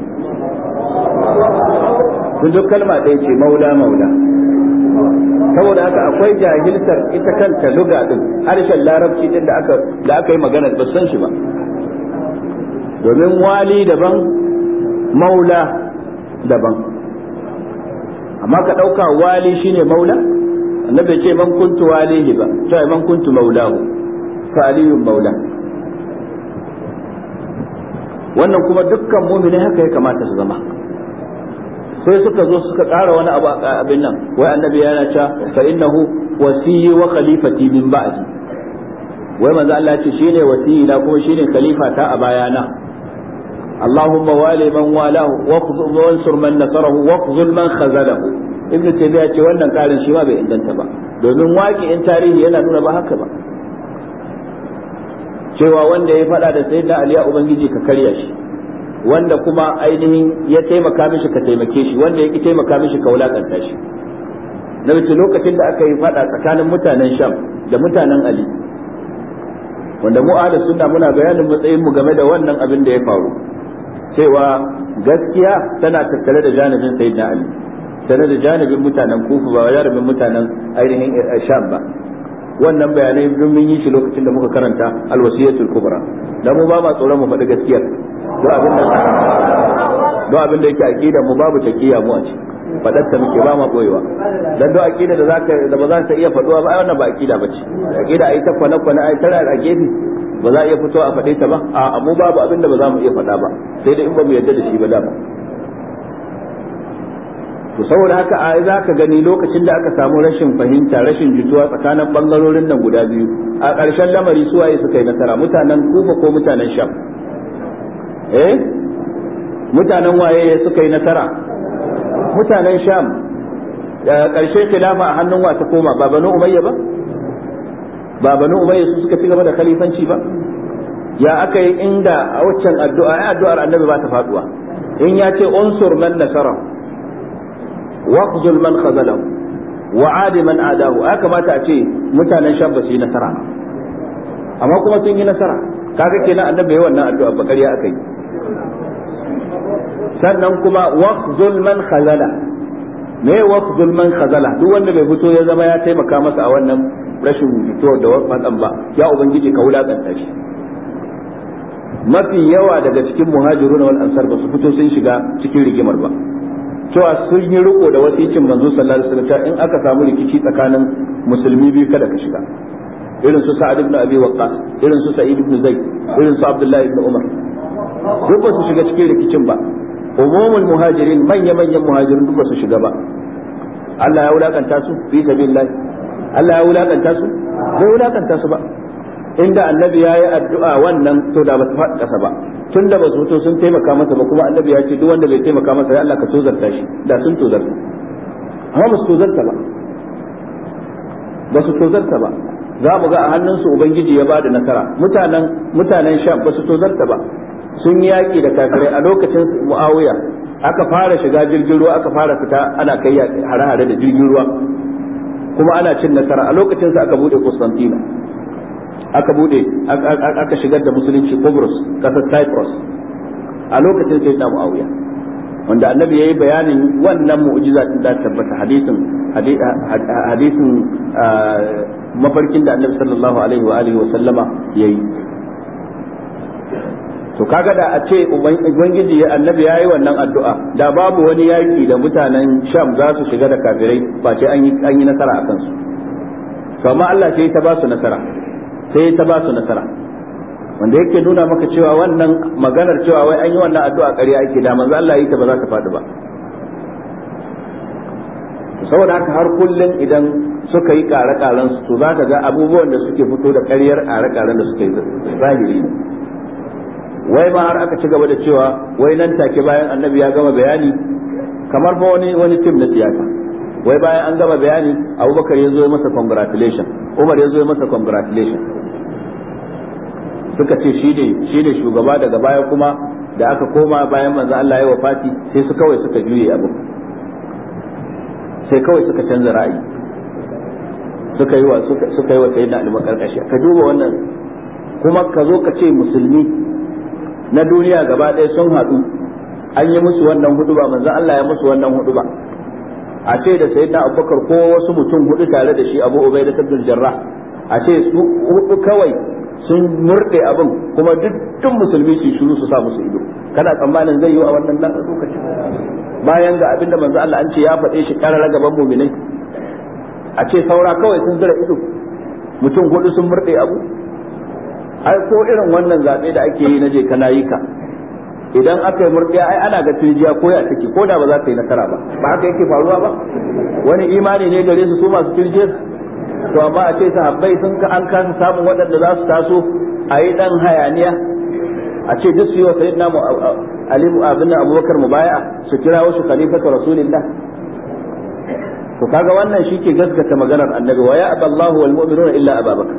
kun duk kalma ɗaya ce maula maula saboda haka akwai jahiltar ita kanta luga din harshen larabci din da aka yi magana ba san shi ba domin wali daban maula daban amma ka ɗauka wali shine maula annabi ya ce man kuntu walihi ba to man kuntu maulahu fa aliyun maula wannan kuma dukkan mu'mini haka ya kamata su zama sai suka zo suka ƙara wani abu a abin nan wai annabi yana cewa fa innahu wasiyyi wa khalifati min ba'di wai manzo Allah ya ce shine wasiyyi na kuma shine khalifa ta a bayana اللهم والي من والاه وانصر من نصره واخذل من خذله ibnu taymiya ce wannan karin shi ma bai inganta ba domin waki in tarihi yana nuna ba haka ba cewa wanda ya fada da sayyidina ali ubangiji ka karya shi wanda kuma ainihin ya taimaka mishi ka taimake shi wanda ya ki taimaka mishi ka wulakanta shi na mace lokacin da aka yi fada tsakanin mutanen sham da mutanen ali wanda mu a'da sunna muna bayanin matsayin mu game da wannan abin da ya faru cewa gaskiya tana tattare da janibin sayyidina ali tare da janibin mutanen kufu ba janibin mutanen ainihin sham ba wannan bayanai don mun yi shi lokacin da muka karanta alwasiyatul kubra da mu ba ma tsoron mu faɗi gaskiya, don abin da don abin da yake aqida mu babu taqiya mu a ci fadar ta muke ba ma boyewa dan do aqida da zaka da ba za ta iya faduwa ba ai wannan ba aqida bace aqida ai ta kwana kwana ai tara a ba za a iya fito a faɗe ta ba a mu babu abin da ba za mu iya faɗa ba sai da in ba mu yarda da shi ba dama to saboda haka a za ka gani lokacin da aka samu rashin fahimta rashin jituwa tsakanin bangarorin nan guda biyu a ƙarshen lamari suwaye suka yi nasara mutanen kufa ko mutanen sham eh mutanen waye suka yi nasara mutanen sham ƙarshe khilafa a hannun wa ta koma ba banu umayya ba ba banu umayya su suka ci gaba da khalifanci ba ya aka yi inda a waccan addu'a ai addu'ar annabi ba ta faduwa in ya ce unsur man nasara waqzul man khazalahu wa adi man adahu ai kamata a ce mutanen sham ba su yi nasara amma kuma sun yi nasara kaga kenan annabi yayi wannan addu'a ba ƙarya aka yi sannan kuma waqzul man khazala me waqzul man khazala duk wanda bai fito ya zama ya taimaka masa a wannan rashin fitowar da matsan ba ya ubangiji ka wulaƙanta shi mafi yawa daga cikin muhajiru na ansar ba su fito sun shiga cikin rigimar ba cewa sun yi riko da wasicin manzo sallallahu alaihi wasallam in aka samu rikici tsakanin musulmi biyu kada ka shiga irin su sa'ad ibn abi waqqas irin su sa'id ibn zaid irin su abdullahi ibn umar duk ba su shiga cikin rikicin ba umumul muhajirin manya manyan muhajirin duk ba su shiga ba Allah ya wulakanta su fi sabilillah Allah ya wulakanta su bai wulakanta su ba inda annabi ya yi addu'a wannan to da ba su faɗi ƙasa ba tun da ba su fito sun taimaka masa ba kuma annabi ya ce duk wanda bai taimaka masa ya Allah ka tozarta shi da sun tozarta amma ba su tozarta ba ba su tozarta ba za mu ga a hannunsu ubangiji ya ba da nasara mutanen mutanen sham ba su tozarta ba sun yi yaƙi da kafirai a lokacin muawiya aka fara shiga jirgin ruwa aka fara fita ana kai hare-hare da jirgin ruwa kuma ana cin nasara a lokacin sa aka bude Constantinople aka bude aka shigar da musulunci Cyprus kasar Cyprus a lokacin sai da Muawiya wanda annabi yayi bayanin wannan mu'jiza din da tabbata hadisin hadisin ah, mafarkin da annabi sallallahu alaihi wa alihi wa sallama yayi to kaga da a ce ubangiji annabi ya yi wannan addu'a da babu wani yaki da mutanen sham za su shiga da kafirai ba ce an yi nasara a kansu to amma Allah sai ta ba su nasara sai ta ba su nasara wanda yake nuna maka cewa wannan maganar cewa wai an yi wannan addu'a ƙarya ake da manzo Allah yi ta ba za ta faɗi ba saboda haka har kullum idan suka yi kare ƙaren su to za ka ga abubuwan da suke fito da ƙaryar kare-karen da suke zahiri wai ma har aka ci gaba da cewa wai nan take bayan annabi ya gama bayani kamar fa wani wani tim na siyasa wai bayan an gama bayani abubakar ya zo masa congratulation umar ya zo masa congratulation suka ce shi ne shi ne shugaba daga baya kuma da aka koma bayan manzo Allah ya wafati sai su kawai suka juye abin sai kawai suka canza ra'ayi suka yi wa suka yi wa sayyidina al-makarkashi ka duba wannan kuma ka zo ka ce musulmi na duniya gaba ɗaya sun haɗu an yi musu wannan ba manzo Allah ya musu wannan ba. a ce da sayyidina Abubakar ko wasu mutum hudu tare da shi Abu Ubaida ibn jarra. a ce su hudu kawai sun murde abin kuma dukkan musulmi su shiru su sa musu ido kana tsammanin zai yi a wannan lokacin bayan ga abinda manzo Allah an ce ya faɗe shi karara gaban mu'minai a ce saura kawai sun zira ido mutum hudu sun murde abu ai ko irin wannan zabe da ake yi na je ka ka idan aka yi murɗiya ai ana ga turjiya ko ya take ko da ba za ta yi nasara ba ba haka yake faruwa ba wani imani ne gare su su masu turjiyar to amma a ce sahabbai sun ka an kasa samun waɗanda za su taso a yi ɗan hayaniya a ce duk su yi wa sayyidina alimu abin da abubakar baya su kira wasu khalifatu rasulillah to kaga wannan shi ke gaskata maganar annabi wa ya aballahu wal mu'minuna illa ababaka.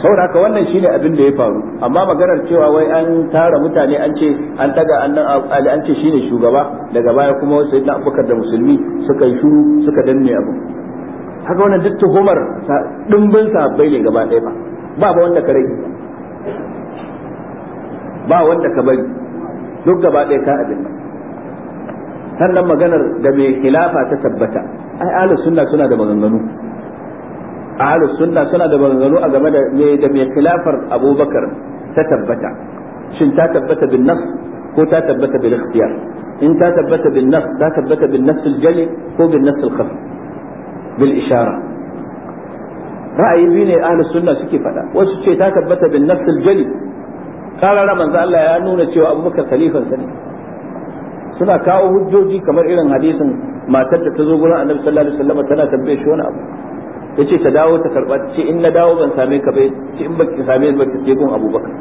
saboda haka wannan shine abin da ya faru amma maganar cewa wai an tara mutane an ce an taga annan ali an ce shine shugaba daga baya kuma wasu sayyidina abubakar da musulmi suka yi shuru suka danne abu haka wannan duk tuhumar dimbin sahabbai ne gaba ɗaya ba ba ba wanda ka rage ba wanda ka bari duk gaba ɗaya ka abin sannan maganar da mai khilafa ta tabbata ai ahlus sunna suna da maganganu ahlus sunna suna da maganganu a game da me da me khilafar abubakar ta tabbata shin ta tabbata bin nas ko ta tabbata bil ikhtiyar in ta tabbata bin nas ta tabbata bin nas al jali ko bin nas al khafi bil ishara ra'ayi biyu ne ahlus sunna suke fada wasu ce ta tabbata bin nas al jali karara manzo Allah ya nuna cewa abubakar khalifan sa ne suna kawo hujjoji kamar irin hadisin matar da ta zo gurin annabi sallallahu alaihi wasallam tana tambaye shi wani abu yace ta dawo ta karba ta ce in na dawo ban same ka ba ce in baki same ni ba ta ce gun abubakar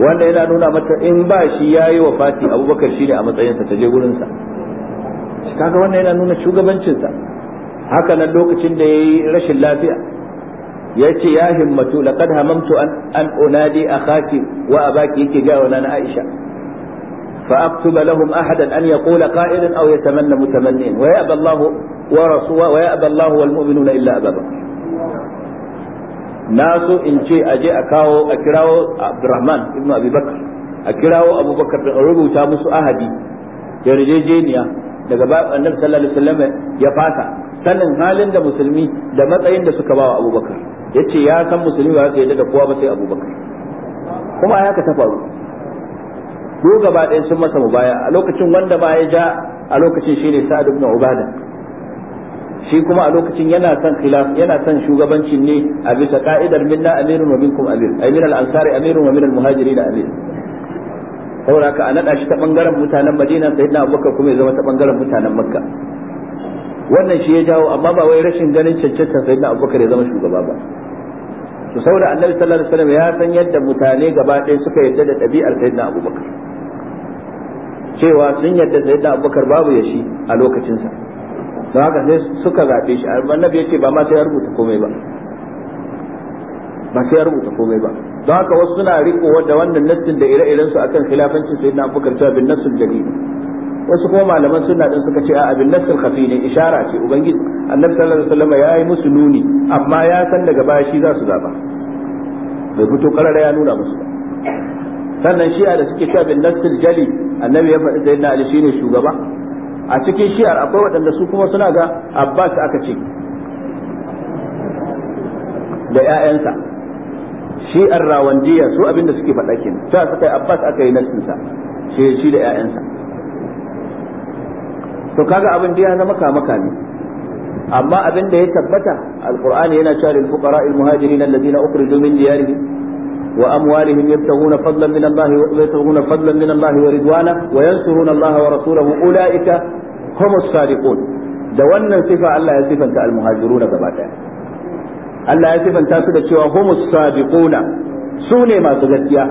wanda yana nuna mata in ba shi yayi wa fati abubakar shine a matsayinsa ta je gurin sa kaga wannan yana nuna shugabancinsa haka nan lokacin da yayi rashin lafiya yace ya himmatu laqad hamamtu an an unadi akhaki wa abaki yake ga wa na Aisha فأكتب لهم أحدا أن يقول قائلا أو يتمنى متمنين ويأبى الله ورسوله ويأبى الله والمؤمنون إلا أبا بكر naso in ce a je a kawo a kirawo Abdurrahman ibn Abi a kirawo Abu Bakar rubuta musu ahadi yarjejeniya daga Annabi sallallahu alaihi wasallam ya fasa sanin halin da musulmi da matsayin da suka bawa Abu yace ya san musulmi ba zai yadda da kowa ba sai Abubakar. kuma haka ta faru ko gaba ɗaya sun masa mubaya a lokacin wanda ba ya ja a lokacin shine sa'ad ibn ubada shi kuma a lokacin yana son khilaf yana son shugabancin ne a bisa ka'idar minna amirun wa minkum amir amir al-ansari amirun wa min al-muhajirin amir saboda ka a nada shi ta bangaren mutanen Madina na Abubakar kuma ya zama ta bangaren mutanen Makka wannan shi ya jawo amma ba wai rashin ganin cancanta na Abubakar ya zama shugaba ba to saboda Annabi sallallahu alaihi wasallam ya san yadda mutane gaba ɗaya suka yarda da ɗabi'ar sayyidina Abubakar cewa sun yadda sai da abubakar babu ya shi a lokacinsa don haka sai suka zaɓe shi annabi ya ce ba ma sai ya rubuta komai ba ba sai ya rubuta komai ba don haka wasu suna riko da wannan nassin da ire-iren su akan khilafancin sai da abubakar cewa bin nassul jalil wasu kuma malaman suna din suka ce a abin nassul khafi ne ishara ce ubangiji annabi sallallahu alaihi wasallam ya yi musu nuni amma ya san daga baya shi za su zaba bai fito kararra ya nuna musu ba sannan shi'a da suke cewa bin nassil jali annabi ya faɗi sayyidina ali shine shugaba a cikin shi'ar akwai waɗanda su kuma suna ga abbas aka ce da ƴaƴansa shi'ar rawandiya su abinda suke faɗa kenan cewa suka yi abbas aka yi sa shi shi da ƴaƴansa to kaga abin da ya zama kamaka ne amma abin da ya tabbata alqur'ani yana cewa lil fuqara'il muhajirin alladhina ukhriju min diyarihim وأموالهم يبتغون فضلا من الله ويبتغون فضلا من الله ورضوانه وينصرون الله ورسوله أولئك هم الصادقون da wannan sifa Allah ya sifanta almuhajiruna gaba daya Allah ya sifanta cewa humus sabiquna su masu gaskiya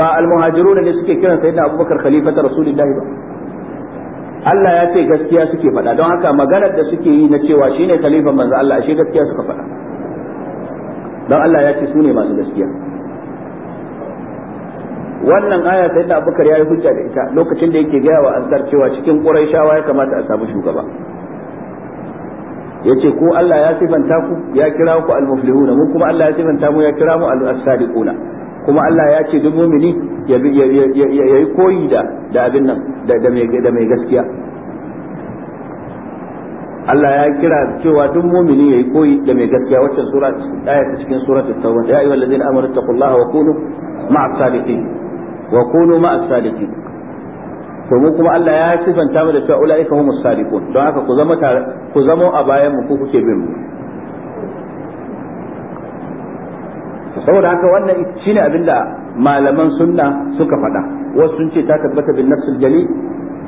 ba almuhajiruna ne suke kiran sayyidina Abubakar khalifata rasulullahi ba Allah ya ce gaskiya suke faɗa don haka maganar da suke yi na cewa shine khalifan manzo Allah ashe gaskiya suka faɗa don Allah ya ce su ne masu gaskiya wannan aya sai da abubakar ya yi hujja da ita lokacin da yake gaya wa ansar cewa cikin shawa ya kamata a samu shugaba yace ko Allah ya sifanta ku ya kira ku al-muflihuna mun kuma Allah ya sifanta mu ya kira mu al-sadiquna kuma Allah ya ce duk mumini ya yi koyi da da abin nan da mai gaskiya Allah ya kira cewa duk mumini yi koyi da mai gaskiya waccan sura ta cikin suratul tauba ya ayyuhallazina amanu taqullaha wa kunu ma'as sadiqin wa kunu ma as-sadiqin to mu kuma Allah ya sifanta mu da cewa ulaika humus sadiqun don haka ku zama ku zama a bayan mu ku kuke bin mu saboda haka wannan shine da malaman sunna suka faɗa wasu sun ce ta tabbata bin nafsul jali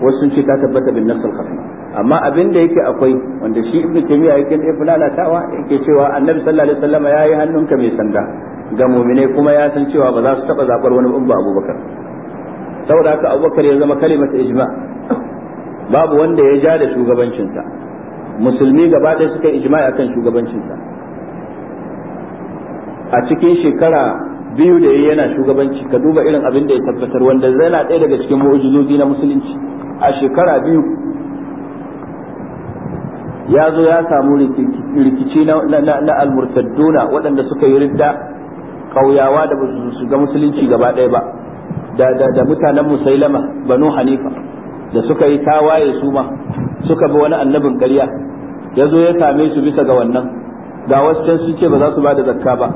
wasu sun ce ta tabbata bin nafsul khafi amma abin da yake akwai wanda shi ibnu taymiya yake da fulalatawa yake cewa annabi sallallahu alaihi wasallam yayi hannunka mai sanda ga mu'minai kuma ya san cewa ba za su taba zabar wani in ba Abubakar saboda haka Abubakar ya zama kalimatu ijma babu wanda ya ja da shugabancinsa musulmi gaba ɗaya suka yi ijma'i shugabancin shugabancinsa a cikin shekara biyu da yana shugabanci ka duba irin abin da ya tabbatar wanda na ɗaya daga cikin mu'ujizozi na musulunci a shekara biyu ya zo ya samu rikici na almurtadduna waɗanda suka yi ridda kauyawa da su ga musulunci gaba ɗaya ba da da da mutanen musailama banu hanifa da suka yi tawaye su ma suka bi wani annabin ƙarya ya zo ya same su bisa ga wannan ga wasu can sun ce ba za su ba da zakka ba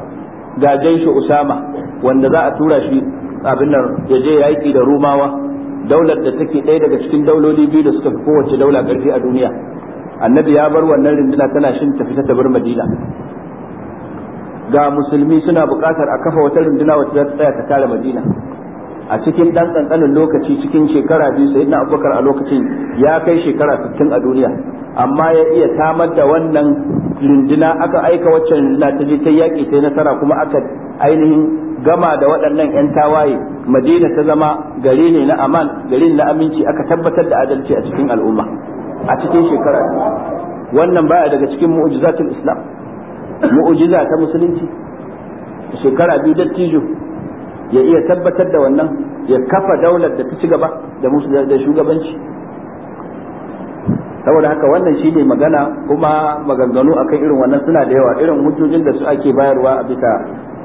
ga jaishu usama wanda za a tura shi abin nan ya je yaƙi da rumawa daular da take ɗaya daga cikin dauloli biyu da suka fi kowace daula ƙarfi a duniya annabi ya bar wannan rinduna tana shin tafi ta bar madina ga musulmi suna buƙatar a kafa wata runduna wacce za ta tsaya ta kare madina a cikin ɗan tsantsanin lokaci cikin shekara biyu sai na abubakar a lokacin ya kai shekara 60 a duniya amma ya iya samar da wannan runduna aka aika waccan runduna ta je ta yaƙi ta nasara kuma aka ainihin gama da waɗannan 'yan tawaye madina ta zama gari ne na aman gari na aminci aka tabbatar da adalci a cikin al'umma a cikin shekara wannan baya daga cikin mu'jizatul islam mu'ujiza ta musulunci shekara biyu dattijo ya iya tabbatar da wannan ya kafa daular da ta ci gaba da shugabanci saboda haka wannan shi ne magana kuma maganganu akan irin wannan suna da yawa irin hujjojin da su ake bayarwa a bisa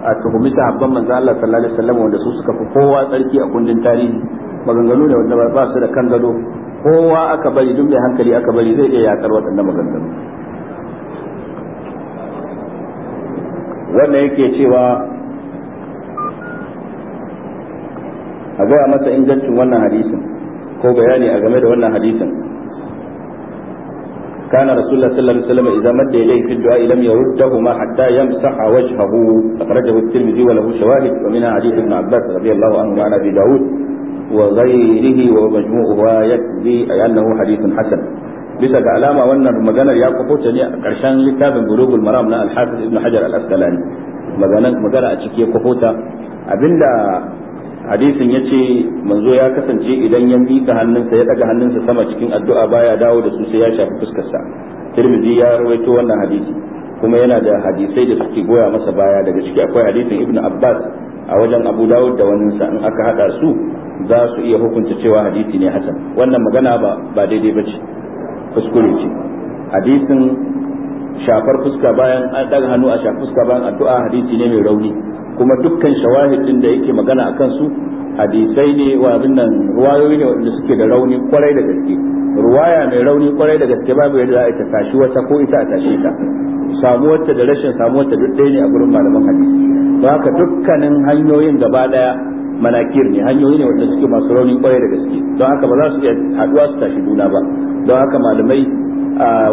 a tuhumi habban manzo Allah sallallahu alaihi wasallam wanda su suka fi kowa tsarki a kundin tarihi maganganu ne wanda ba su da kan gado kowa aka bari duk mai hankali aka bari zai iya yatsar waɗannan maganganu wannan yake cewa a gaya masa ingancin wannan hadisin ko bayani a game da wannan hadisin كان رسول الله صلى الله عليه وسلم إذا مد إليه في الدعاء لم يردهما حتى يمسح وجهه أخرجه الترمذي وله شواهد ومنها حديث ابن عباس رضي الله عنه عن أبي داود وغيره ومجموعها يكفي أنه حديث حسن bisa ga alama wannan maganar ya kwafota ne a ƙarshen littafin gurugul maram na alhafiz ibn hajar al-asqalani magana a ciki ya kwafota abinda hadisin ya ce manzo ya kasance idan ya miƙa hannunsa ya daga hannunsa sama cikin addu'a baya dawo da su sai ya shafi fuskarsa tirmidhi ya rawaito wannan hadisi kuma yana da hadisai da suke goya masa baya daga ciki akwai hadisin ibn abbas a wajen abu dawud da wani in aka hada su za su iya hukunta cewa hadisi ne hasan wannan magana ba ba daidai ba ce kuskure ce hadisin shafar fuska bayan an daga hannu a shafar fuska bayan addu'a hadisi ne mai rauni kuma dukkan shawahidin da yake magana akan su hadisai ne wa abin nan ruwayoyi ne wanda suke da rauni kwarai da gaske ruwaya mai rauni kwarai da gaske babu yadda za a ta tashi wata ko ita a tashi ta wata da rashin wata duk ɗaya ne a gurin malaman hadisi don haka dukkanin hanyoyin gaba daya manakir ne hanyoyi ne wanda suke masu rauni kwarai da gaske don haka ba za su iya haduwa su tashi juna ba don haka malamai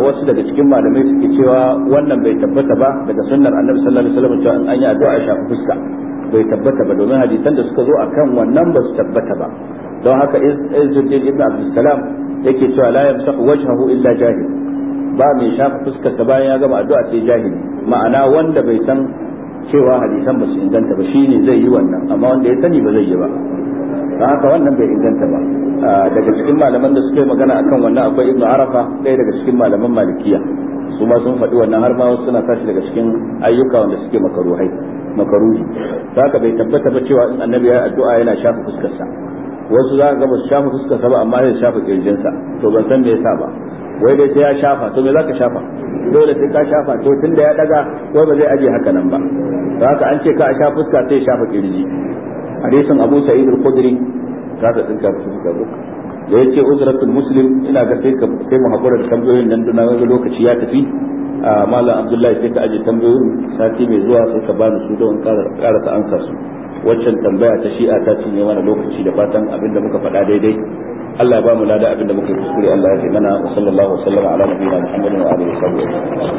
wasu daga cikin malamai suke cewa wannan bai tabbata ba daga sunnar annabi sallallahu alaihi wasallam cewa an yi addu'a a shafi fuska bai tabbata ba domin hadisan da suka zo akan wannan ba su tabbata ba don haka izzuddin ibn abdul salam yake cewa la yamsahu wajhahu illa jahil ba mai shafa fuskarsa bayan ya gama addu'a sai jahili ma'ana wanda bai san cewa hadisan ba su inganta ba ne zai yi wannan amma wanda ya sani ba zai yi ba ba haka wannan bai inganta ba ah, daga cikin malaman da suke magana akan wannan akwai ibnu arafa ɗaya daga cikin malaman malikiya su ma sun faɗi wannan har ma wasu suna tashi daga cikin ayyuka wanda suke makaruhai makaruhi don haka bai tabbata ba cewa annabi ya addu'a yana shafa fuskarsa wasu za ka ga ba su shafa fuskarsa ba amma zai shafa kirjinsa to ban san me yasa ba wai dai sai ya shafa to me zaka shafa dole sai ka shafa to tunda ya daga wai ba zai aje haka nan ba to haka an ce ka a shafa fuska sai ya shafa kirji hadisin Abu Sa'id al-Khudri ka ta tsinka fuska da yace uzratul muslim ina ga sai ka sai mu hakura da tambayoyin nan duna wani lokaci ya tafi a malam Abdullahi sai ka aje tambayoyin sati mai zuwa sai ka bani su don ka ansa su waccan tambaya ta shi'a ta cinye mana lokaci da fatan abin da muka faɗa daidai Allah ya ba mu lada abinda muka kuskure Allah ya ji mana wa sallallahu alaihi wa sallam ala nabiyina Muhammadin wa alihi wa sahbihi